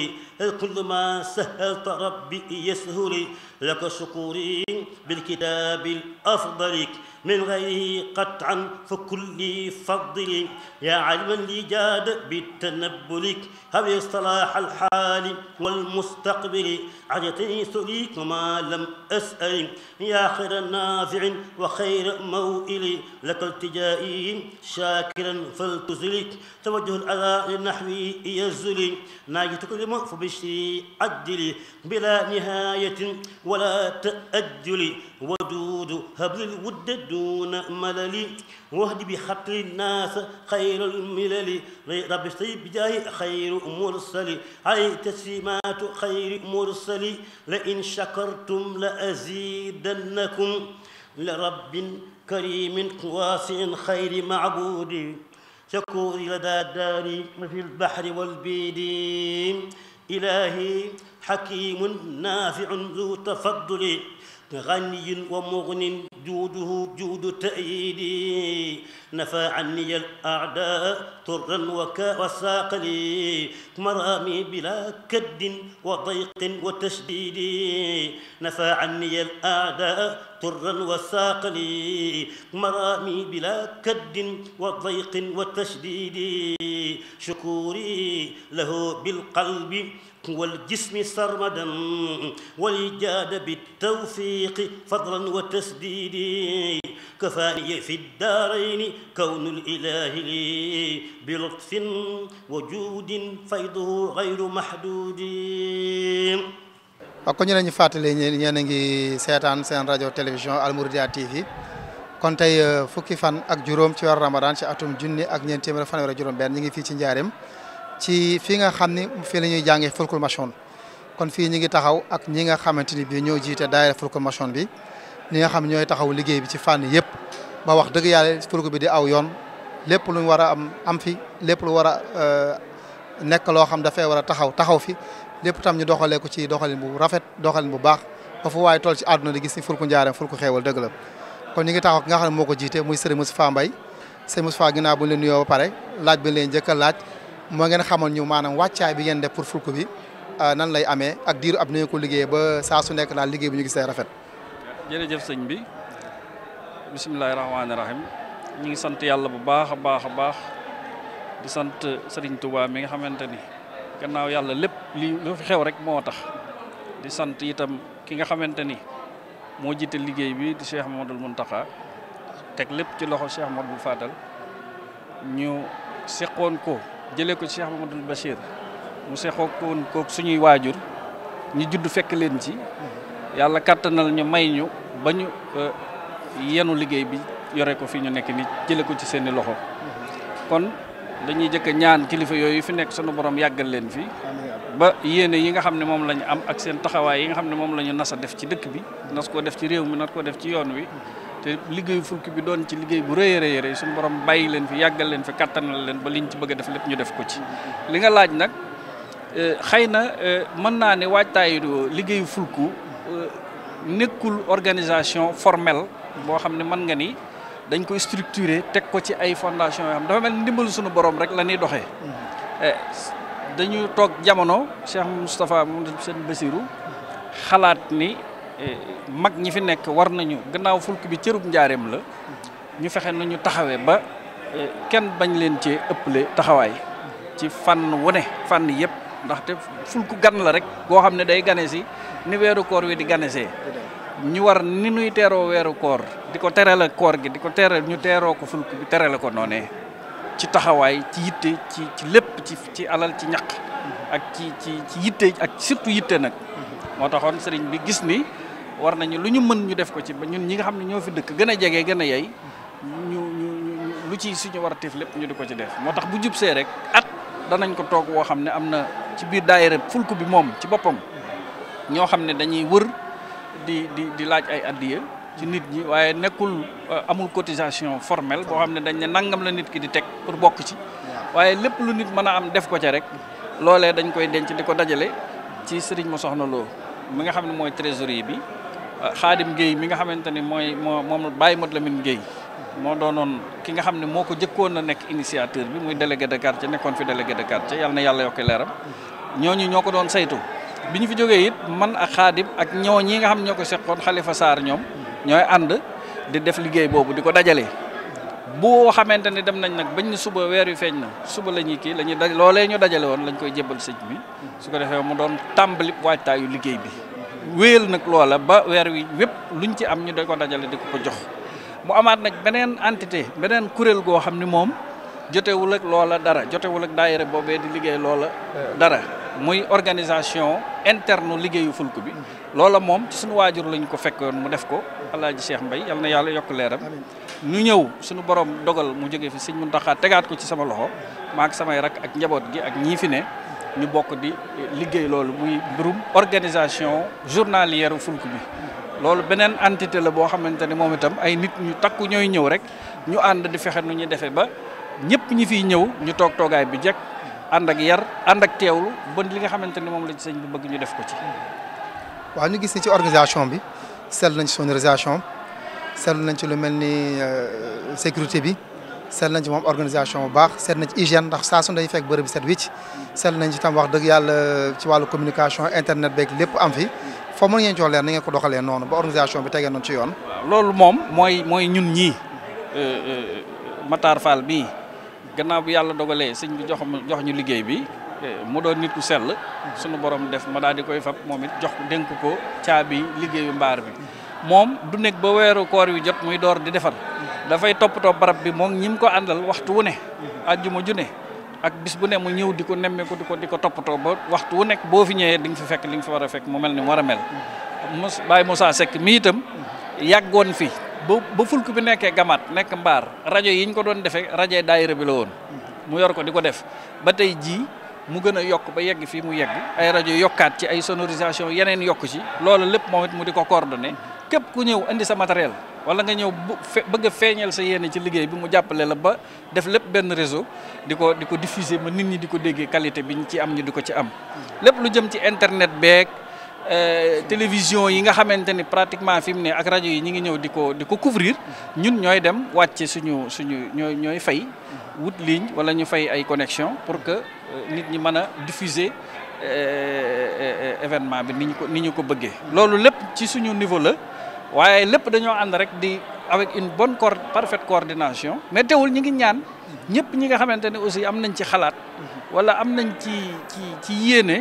كل ما سهلت ربي يسهل لك شكوري بالكتاب الأفضل من غير قطعا فكل فضل يا علما جاد بالتنبل هب صلاح الحال والمستقبل عجتني سليك وما لم أسأل يا خير نافع وخير موئل لك التجائي شاكرا فلتزلك توجه الأذى لنحوي يزلي ناجتك لما فبشري عدلي بلا نهاية ولا تأجلي ودود هب الود دون ملل واهد بخطر الناس خير الملل رب طيب بجاه خير مرسل أي تسليمات خير مرسل لئن شكرتم لأزيدنكم لرب كريم واسع خير معبود شكور لدى داري في البحر والبيد إلهي حكيم نافع ذو تفضل غني ومغن جوده جود تأييدي نفى عني الأعداء طرا وساق لي مرامي بلا كد وضيق وتشديد نفى عني الأعداء طرا وساق لي مرامي بلا كد وضيق وتشديد شكوري له بالقلب والجسم سرمدا والإجاد بالتوفيق فضلا وتسديد كفاني في الدارين كون الإله لي بلطف وجود فيضه غير محدود أكون يعني فاتلي يعني يعني سيتان سان راديو تلفزيون المورديا تي في كون تاي فوكي فان اك جوروم تيوار رمضان سي اتوم جوني اك نينتي مرا فان جوروم بن نيغي في سي نجارم ci fi nga xamni fi fii la ñuy kon fi ñi ngi taxaw ak ñi nga xamanteni bi ñoo jité daayira fulkul bi ñi nga xam ñoy taxaw liggéey bi ci fànn yépp ba wax dëgg yaalé fulku bi di aw yoon lepp lu wara am am fi lepp lu wara euh nek lo xam da fay wara taxaw taxaw fi lepp tam ñu doxalee ko ci doxalin bu rafet doxalin bu baax ba fu way tol ci aduna di gis ni fulku njaareem fulku xeewal dëgg la kon ñi ngi taxaw nga xam moko jité muy sëriñ mustapha mbay sëriñ mustapha ginnaaw bu ñu leen ba pare laaj bi leen njëkk laaj mo ngeen xamone ñu manam waccay bi ngeen def pour fulku bi euh, nan lay amé ak diiru ab ni ko liggéey ba sa su nek na liggéey bu ñu gisé rafet. jërëjëf señ bi bismillahirrahmanirrahim ñi rahim ngi sant yalla bu baaxa baaxa baax di sant señ Touba mi nga xamanteni gannaaw yalla lepp li lu fi xew rek mo tax di sant itam ki nga xamanteni mo moo liggéey bi di Cheikh Mamadou muntaha tek lepp ci loxo Cheikh Mamadou Fadal ñu sekkon ko. jëlee ko Cheikh Mamadou Bachir mu seexoo koon kook suñuy waajur ñu judd fekk leen ci yàlla kàttanal ñu may ñu ba ñu euh, yenu liggéey bi yore ko fi ñu nekk ni jëlee ko ci seeni loxo kon dañuy jëkk ñaan kilifa yooyu fi nekk sunu borom yàggal leen fi ba yéene yi nga xam ne moom la am ak seen taxawaay yi nga xam ne moom lañu ñu nas a def ci dëkk bi nas koo def ci réew mi nas koo def ci yoon wi te liggéeyu fukki bi doon ci liggéey bu rëy a rëy rëy suñu borom bàyyi leen fi yàggal leen fi kattanal leen ba liñ ci bëgg a def lépp ñu def ko ci. li nga laaj nag e, xëy na e, mën naa ne waajtaayu liggéeyu fulku e, nekkul organisation formel boo xam ne mën nga ni dañ koy structure teg ko ci ay fondation yoo xam dafa mel ni ndimbalu suñu borom rek la ñuy doxee. dañu toog jamono Cheikh Moustapha moom seen Basiru xalaat ni. Eh, mag ñi fi nekk war nañu gannaaw fulk bi cërub njaareem la ñu fexe nañu taxawee ba eh, kenn bañ leen ci ëpple taxawaay ci fànn wu ne fànn yëpp ndaxte fulku gan la rek boo xam ne day gane si ni weeru koor wi di ganesee ñu war ni nuy teeroo weeru koor di ko tere la koor gi di ko tere ñu teeroo ko fulk bi tere la ko noone ci taxawaay ci yitte ci ci lépp ci ci alal ci ñaq ak ci ci ci yitte ak surtout yitte nag moo taxoon sëriñ bi gis ni war nañu lu ñu mën ñu def ko ci ñun ñi nga xamni ne ñoo fi dëkk gëna a gëna gën yey ñu ñu lu ci suñu war tef lepp ñu di ci def motax bu jup sé rek at danañ ko tok wo xam amna ci biir daayira fulku bi mom ci bopam ño xam dañuy wër di di di laaj ay addiya ci nit ñi waye nekkul euh, amul cotisation formelle bo xam dañ ne nangam la nit ki di tek pour bok ci waye lepp lu nit mëna am def ko ci rek lolé dañ koy denc di dajalé ci serigne mo soxna lo mi nga xam moy trésorier bi khadim Guèye mi nga xamanteni moy mom moo moom Baye Modou Lamine Guèye moo ki nga xamne moko jekkon na nek initiateur bi moy délégué de quartier nekkon fi délégué de quartier yalla na yalla yokk leeram ñoñu ñoko doon saytu biñu fi joggé yit man ak khadim ak ñoo ñi nga xam ñoko ko Khalifa sar ñom ñoy and di def liggéey bobu diko ko dajale xamanteni dem nañ nak bañu suba wër yu feeñ na suba lañuy ki lañuy la ñu dajalé won lañ koy jébal sëñ bi su ko défé mu doon wajta yu liggéey bi wéyal nag loola ba weer wi wépp luñ ci am ñu da ko dajale di ko ko jox mu amaat nag beneen entité beneen kuréel goo xam ni moom jotewul ak loola dara jotewul ak daayira boobee di liggéey loola dara muy organisation interne liggéeyu fulku bi loola moom ci suñu waajur lañ ko fekkoon mu def ko alaaji Cheikh Mbay yal na yàlla yokk leeram ñu ñëw suñu borom dogal mu jóge fi sëñ Muntaxa tegaat ko ci sama loxo maak samay rek ak njaboot gi ak ñii fi ne ñu bokk di liggéey loolu muy mbirum organisation journalière fulk bi loolu beneen entité la boo xamante ne moom itam ay nit ñu takku ñooy ñëw rek ñu ànd di fexe nu ñuy defee ba ñëpp ñi fiy ñëw ñu toog toogaay bi jekk ànd ak yar ànd ak teewlu ba li nga xamante ni moom la ci sëñ bi bëgg ñu def ko ci. waaw ñu gis ni ci organisation bi seetlu nañ ci sonorisation seetlu nañ ci lu mel ni euh, sécurité bi. seet nañ ci moom organisation bu baax seet nañ ci hygiène ndax saa su ne day fekk bërëb bi set wicc seet nañ ci tam wax dëgg yàlla ci wàllu communication internet beeg lépp am fi foo mën ngeen jox leen na ko doxalee noonu ba organisation bi tegee noonu ci yoon. loolu moom mooy mooy ñun ñii euh, euh, Matar Fall bii gannaaw bu yàlla dogalee sëñ bi jox jox ñu liggéey bi euh, mu doon nit ku sell. sunu borom def ma daal di koy fab moom it jox dénk ko caabi liggéeyu mbaar bi. Mom, du nek ba wéru koor wi jot muy dor di fay top top barab bi mok ñim ko andal waxtu wu ne àjjuma ju ne ak bis bu ne mu diko di ko diko di ko di ko ba waxtu wu nek bo fi ñewé di nga fi fekk li nga fi wara fekk mu mel wara mel Baye musa sek mi itam yàggoon fi ba fulk bi nekké gamat nek mbar rajo yi ñu ko doon defé rajo daayira bi la woon mu yor ko di ko def ba tay ji mu gëna yok ba yegg fi mu yegg ay rajo yokkaat ci ay sonorisation yenen yok ci loolu lepp momit mu di ko képp ku ñëw indi sa matériel wala nga ñëw bëgg feeñal sa yéene ci liggéey bi mu jàppale la ba def lépp benn réseau di ko di ko diffuser ma nit ñi di ko déggee qualité bi ñu am ñu di ko ci am. lépp lu jëm ci internet beeg euh, télévision yi nga xamante ni pratiquement fi mu ne ak rajo yi ñu ngi ñëw di ko di ko couvrir ñun ñooy dem wàcce suñu suñu ñooy ñooy fay wut liiñ wala ñu fay ay connexion pour que euh, nit ñi mën a diffuser. Euh, événement bi ni ñu ko ni ñu ko bëggee loolu lépp ci suñu niveau la waaye lépp dañoo ànd rek di avec une bonne cor parfaite coordination mais teewul ñi ngi ñaan ñëpp ñi nga xamante ne aussi am nañ ci xalaat mhm. wala am nañ ci ci ci yéene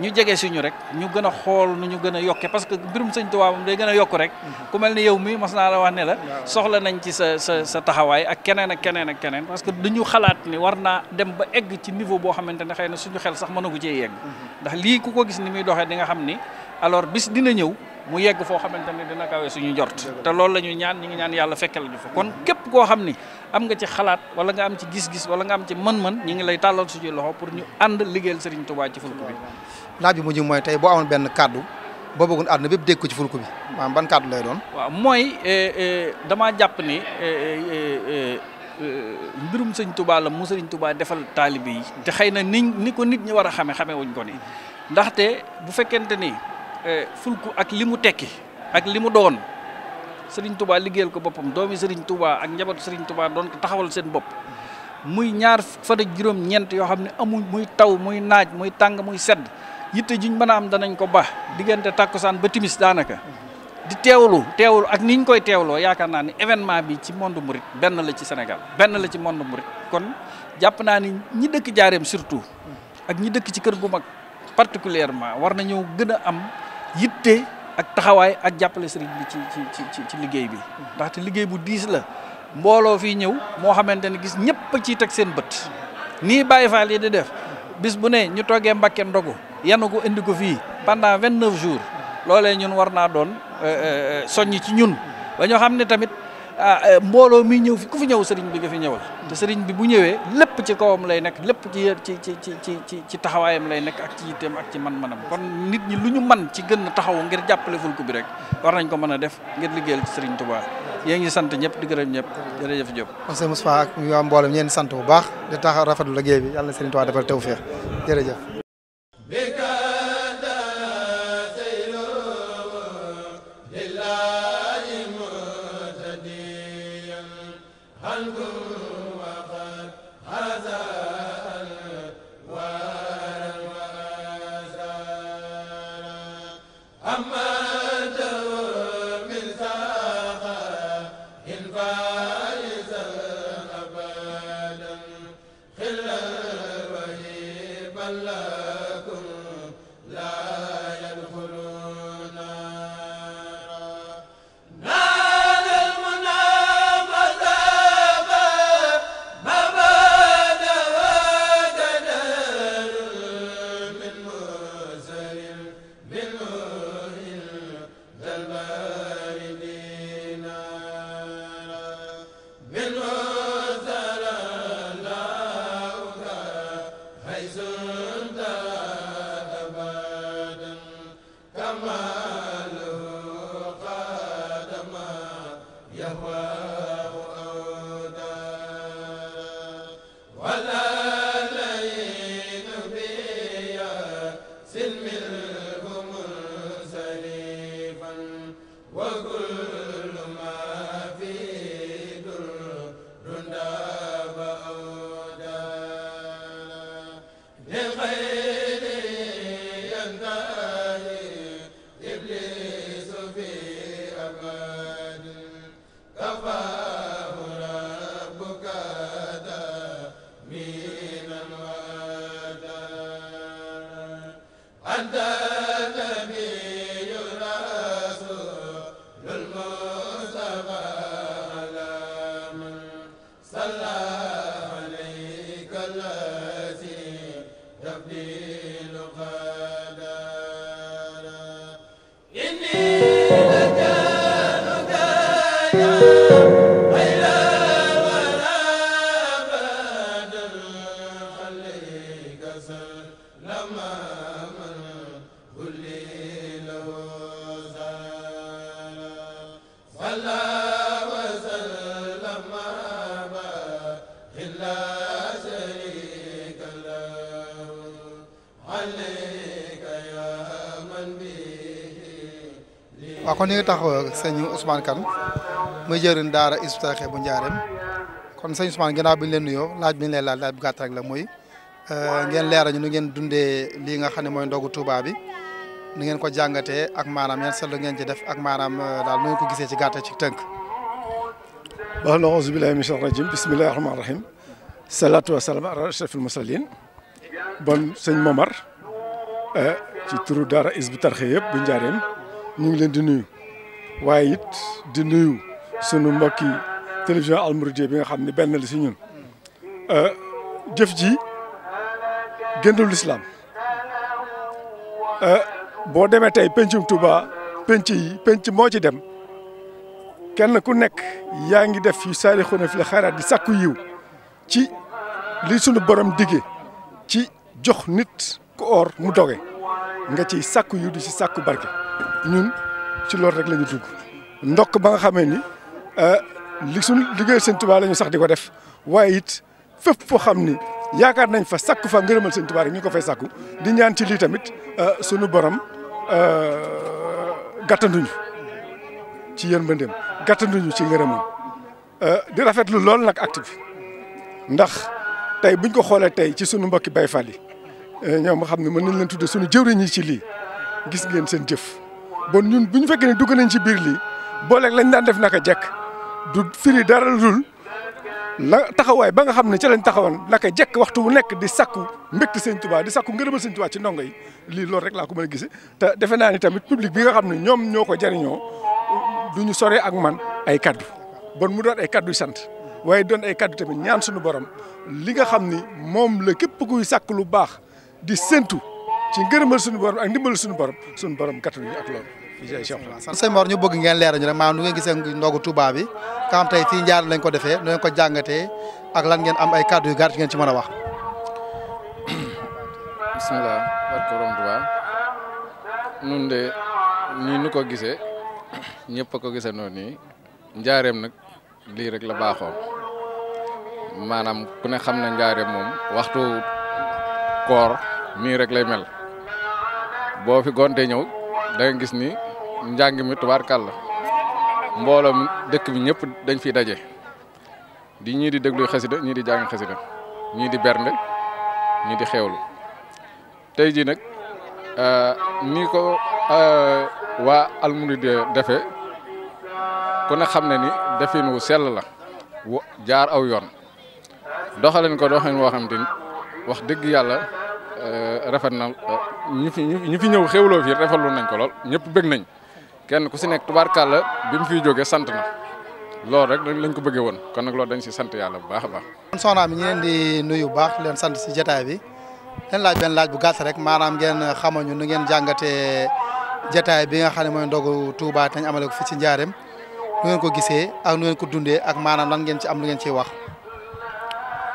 ñu jege suñu rek ñu gën a xool nu ñu gën a yokke parce que mbirum sëñ Tuubaa moom day gën yokk rek mhm. ku mel ni yow mii mas naa la wax ne la soxla nañ ci sa sa sa taxawaay ak keneen ak keneen ak keneen parce que dañu xalaat ni war naa dem ba egg ci niveau boo xamante ne xëy na suñu xel sax mënagu cee yegg mhm. ndax lii ku ko gis ni muy doxee dinga xam ni alors bis dina ñëw mu yegg foo xamante ne dina kawee suñu jort te loolu la ñu ñaan ñi ngi ñaan yàlla fekkal ñu kon képp koo xam ni am nga ci xalaat wala nga am ci gis-gis wala nga am ci man man ñu ngi lay tàllal suñu loxo pour ñu ànd liggéeyal Serigne Touba ci fulku bi. laaj bi mujj mooy tey boo benn kàddu boo bëggoon àdduna bépp dégg ko ci fulku bi maanaam ban kàddu lay doon. waaw mooy eh, eh, damaa jàpp ni eh, mbirum sëñ Touba la mu Serigne tubaa defal taalibe yi te xëy na ni ni ko nit ñi war a xame xame wuñ ko ni ndaxte bu fekkente ni fulku ak li mu tekki ak li mu doon. serigne touba liguel ko bopam doomi serigne touba ak njabot serigne touba don ko taxawal sen bop muy ñaar fa de juróom ñent yo xamni ne muy taw muy naaj muy tang muy sedd yitte juñ mëna am danañ ko baax diggante takusan ba timis danaka di teewlu teewlu ak niñ koy teewloo yaaka na ni événement bi ci monde murit ben la ci sénégal ben la ci monde kon japp na ni ñi dëkk jaarëm surtout ak ñi dëkk ci kër gu mag particulièrement war nañu gëna am yitte ak taxawaay ak jàppale sëriñ bi ci ci ci ci liggéey bi ndaxte liggéey bu diis la mbooloo fii ñëw moo xamante ne gis ñëpp ciy teg seen bët nii Baye Fall yi di def bis bu ne ñu toggee Mbàkke ndogu yanu ko indi ko fii pendant vingt neuf jours loolee ñun war naa doon euh, euh, soñ ci ñun ba xam ne tamit Ah, ah, mbolo mi ñew fi ku fi ñew serigne bi nga fi ñewal te serigne bi bu ñewé lepp ci kawam lay nek lepp ci ci ci ci ci ci lay nek ak ci yitem ak ci man-manam kon nit ñi luñu man ci gën taxaw ngir jàppale fulku bi rek war nañ ko mëna def ngir liggéel ci serigne Touba yéen ngi sant ñep di gërëm ñëpp jërëjëf Diop monsieur Moustapha ak am mbolo ñeen sant bu baax di tax rafetlu liggéey bi yalla serigne Touba defal tawfeex beka la uh, ngi taxaw ak sëñ Ousmane Kane muy jëriñ daara Hizbut Tarqiyyah bu Njaareem kon sëñ Ousmane ginnaaw bi ñu leen nuyoo laaj bi ñu leen laaj laaj bu gàtt rek la muy euh, ngeen leerañu nu ngeen dundee lii nga xam ne mooy ndogu Touba bi nu ngeen ko jàngatee ak maanaam yan seetlu ngeen ci def ak maanaam euh, daal nu ngeen ko gisee ci gàtt ci tënk. waaw auzu billaahi mina shaytaani rajiim bismillaahi rahmaani rahiim. salaatu wa salaam ala ashrafil mursaliin bon sëñ Momar euh, ci turu daara Hizbut Tarqiyyah yëpp bu Njaareem ñu ngi leen di nuyu. waaye it di nuyu sunu mbokki télévision Almouridiyyah bi nga xam ne benn la si ñun euh, ji gëndul euh, boo demee tey pencum Touba penc yi penc moo ci dem kenn ku nekk yaa ngi def yu saarixuuna fi la xayraat di sakku yiw ci li sunu borom diggee ci jox nit ku or mu doge nga ci sakku yiw di ci sakku barke ñun. ci loolu rek lañu dugg ndokk ba nga xamee ni euh, li suñu liggéey sëñ Tuubaa ñu sax di ko def waaye it fépp foo xam ni yaakaar nañ fa sakku fa ngërëmal sëñ Tuubaa rek ñu ko fay sakku di ñaan ci lii tamit euh, sunu borom euh, gàttanduñu ci yërmandeem gàttanduñu ci ngërëmam di rafetlu lool nag acte bi ndax tey buñ ko xoolee tey ci sunu mbokki Baay Faal yi ñoom nga xam ne mën nañ leen tudde sunu jëwriñ yi ci lii gis ngeen seen jëf. bon ñun bu ñu fekkee ne dugg nañ ci biir lii booleeg lañ daan def naka jekk du firi dara dul la taxawaay ba nga xam ne ca lañ taxawoon naka jekk waxtu bu nekk di sakku mbégte sëñ Tuubaa di sakku ngërëmal sëñ Tuubaa ci ndongo yi lii loolu rek laa ko mën a gisee. te defe naa ni tamit public bi nga xam ne ñoom ñoo ko jariñoo du ñu soree ak man ay kaddu bon mu doon ay kaddu sant waaye doon ay kaddu tamit ñaan suñu borom li nga xam ni moom la képp kuy sakku lu baax di séntu. ci ngërëmal suñu borom ak ndimbalu suñu borom suñu borom gàttal ñu ak loolu sëñ Mor ñu bëgg ngeen leeral ñu rek maanaam nu ngeen gisee ndogu Touba bi ka xam tey fii njaar lañ ko defee nu ngeen ko jàngatee ak lan ngeen am ay kàddu yu gàtt ngeen ci mën a wax bismillah barke borom Touba nun de nii nu ko gisee ñëpp a ko gisee noonu nii njaareem nag lii rek la baaxoo maanaam ku ne xam na njaareem moom waxtu koor nii rek lay mel bo fi gonté ñew da nga gis ni njang mi tubaarkàlla mbolam mi bi ñepp dañ fi dajé di ñi di deglu xassida ñi di jang xassida ñi di bernde ñi di tay ji nak euh ni ko euh, wa almurid defee ku ko na ne ni defin wu sel la jaar aw yoon doxalen ko doxalin wo xam wax deug yalla Euh, rafet na euh, ñu fi ñu fi ñëw xéwloo fii rafetlu nañ ko lool ñëpp bëgg nañ kenn ku si nekk tubaarkàlla bi mu fiy jógee sant na loolu rek lañ ko bëggee woon kon nag loolu dañ si sant yàlla bu baax a baax. kon soxna mi ñu leen di nuyu baax leen sant si jotaay bi leen laaj benn laaj bu gàtt rek maanaam ngeen xamañu nu ngeen jàngatee jotaay bi nga xam ne mooy ndogu Touba te ñu amale fi ci njaareem nu ngeen ko gisee ak nu ngeen ko dundee ak maanaam lan ngeen ci am lu ngeen ciy wax.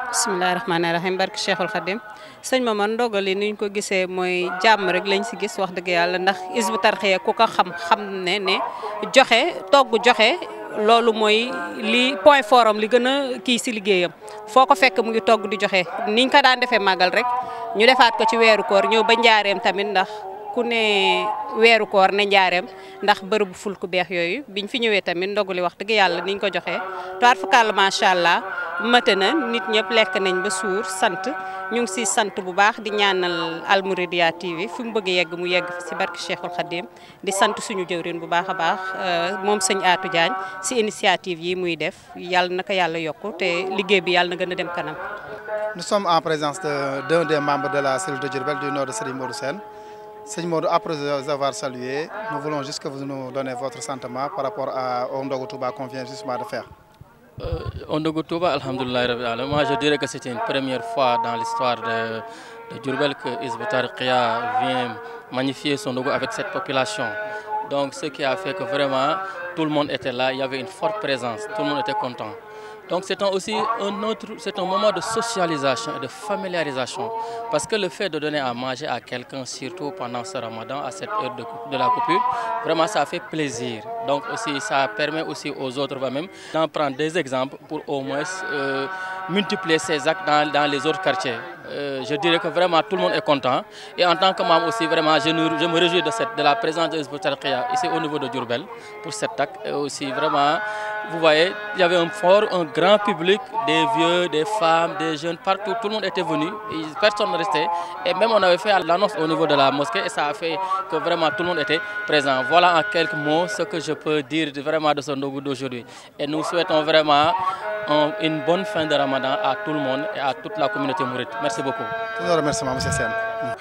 bisimilah rahmaani rahim barke Cheikhul Khadim sëñ Momar ndogal yi ni ñu ko gisee mooy jàmm rek lañ si gis wax dëgg yàlla ndax Hizbut Tarqiyyah ku ko xam xam ne ne joxe togg joxe loolu mooy li point fort am li gën a kii si liggéeyam foo ko fekk mu ngi togg di joxe niñ ko daan defee màggal rek ñu defaat ko ci weeru koor ñëw ba njaareem tamit ndax. ku ne weeru koor ne njaareem ndax bërëbu ful ku beex yooyu biñ fi ñëwee tamit ndoguli wax dëgg yàlla niñ ko joxee toir fakall macha allah mëte na nit ñëpp lekk nañ ba suur sant ñu ngi si sant bu baax di ñaanal Almouridiyyah yi fu mu bëgg yegg mu yegg si barke Cheikhul Khadim di sant suñu jëwrin bu baax a baax euh, moom sëñ Atou Diagne si initiative yi muy def yàlla na yàlla yokk te liggéey bi yàlla na gën a dem kanam nous sommes en présence d'un des membres de la cellule de Diourbel du nord de Serigne Seigneur après vous avoir salué, nous voulons juste que vous nous donnez votre sentiment par rapport à Ondogo qu'on vient justement de faire. Euh, Alhamdulillah, moi je dirais que c'était une première fois dans l'histoire de, Durbel que Isbutar Kia vient magnifier son logo avec cette population. Donc ce qui a fait que vraiment tout le monde était là, il y avait une forte présence, tout le monde était content. Donc c'est aussi un autre, c'est un moment de socialisation et de familiarisation. Parce que le fait de donner à manger à quelqu'un, surtout pendant ce ramadan, à cette heure de, la coupure, vraiment ça fait plaisir. Donc aussi ça permet aussi aux autres même d'en prendre des exemples pour au moins euh, multiplier ces actes dans, les autres quartiers. Euh, je dirais que vraiment tout le monde est content. Et en tant que membre aussi, vraiment, je, me réjouis de, cette, la présence de Hizb ici au niveau de Durbel, pour cet acte. aussi vraiment vous voyez, il y avait un fort, un grand public, des vieux, des femmes, des jeunes, partout, tout le monde était venu, personne ne restait. Et même on avait fait l'annonce au niveau de la mosquée et ça a fait que vraiment tout le monde était présent. Voilà en quelques mots ce que je peux dire vraiment de ce nouveau d'aujourd'hui. Et nous souhaitons vraiment une bonne fin de Ramadan à tout le monde et à toute la communauté mourite. Merci beaucoup. M. Sen.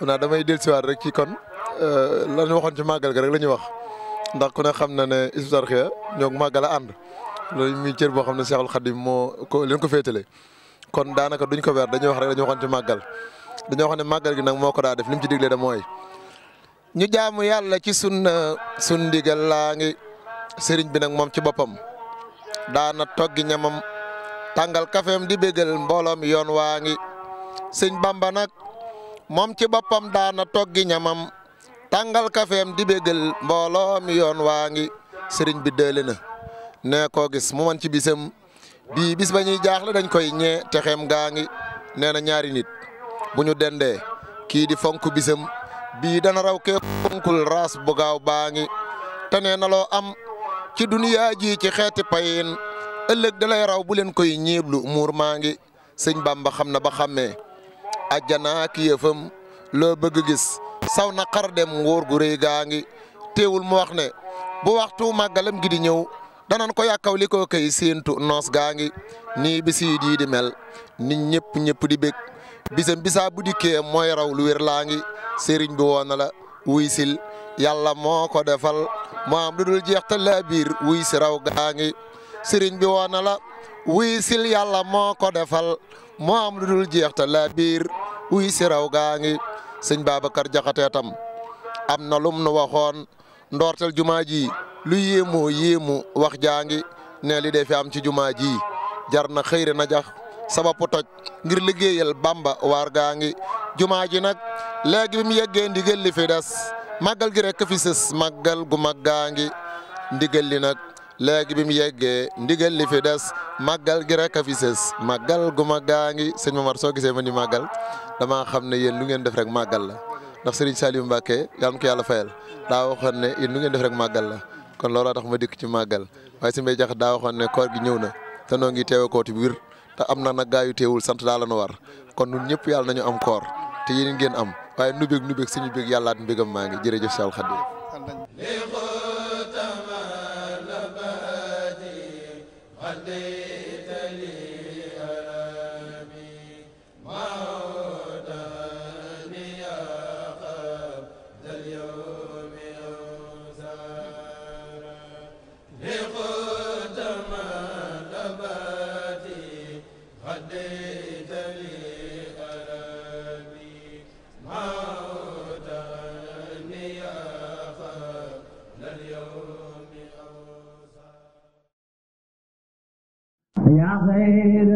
On a dit loolu muy cër boo xam ne Seexul Xadim moo ko leen ko féetale kon daanaka duñ ko weer dañuy wax rek dañu waxoon ci màggal dañoo xam ne màggal gi nag moo ko daa def li mu ci diglee da mooy ñu jaamu yàlla ci sunna sun ndigal laa ngi sëriñ bi nag moom ci boppam daana toggi ñamam tàngal kafeem di bégal mbooloom yoon waa ngi sëñ Bamba moom ci boppam daana toggi ñamam tàngal kafeem di bégal mbooloom yoon waa ngi sëriñ bi dële na ne ko gis mu man ci bisam bis ba ñuy jaaxle dañ koy ñee texeem gaa ngi nee na ñaari nit bu ñu dendee kii di fonk bisam bii dana raw kee fonkul raas bu gaaw baa ngi te nee na loo am ci duniya ji ci xeeti payin ëllëg dalay raw bu leen koy ñeeblu muur maa ngi sëñ Bamba xam na ba xàmmee ajjana ak yëfam loo bëgg gis saw na xar dem wóor gu gaa ngi teewul mu wax ne bu waxtu màggalam gi di ñëw danan ko yàkkaw li séentu noos gaa ngi nii bis di mel nit ñëpp ñëpp di bég bisam bisaa bu dikkee mooy raw lu wér laa ngi sëriñ bi woon na la wuy sil yàlla moo ko defal moo am lu dul jeex te biir wuy si raw gaa ngi sëriñ bi woon na la wuy sil yàlla moo ko defal moo am lu dul jeex te biir wuy si raw gaa ngi sëñ Babacar Jaxate tam am na nu waxoon ndoortel jumaa lu yemo yemo wax jangi jumaji. ne li def am ci juma ji jarna khair na jax sababu toj ngir liggeyal Bamba war gaa juma ji nak léegi magal yegge ndigal li fi des magal gi rek fi ses magal gu magangi ndigal li nak léegi bi yegge ndigal li fi des magal gi rek fi ses magal gu magangi seigne Mamar lu ngeen def rek magal la ndax Serigne salim mbake yalla ko yalla fayal da waxone yeen lu ngeen def rek magal la. kon looloo tax ma dikk ci màggal waaye si mbay jax daa waxoon ne koor gi ñëw na te noo ngi teewe kooti biir te am na na gaa yu teewul sant daa la nu war kon ñun ñëpp yàlla ñu am koor te yéen geen am waaye nu bég nu bég suñu bég yàllaat mbégam maa ngi jërëjëf Seex al Xaadim I ran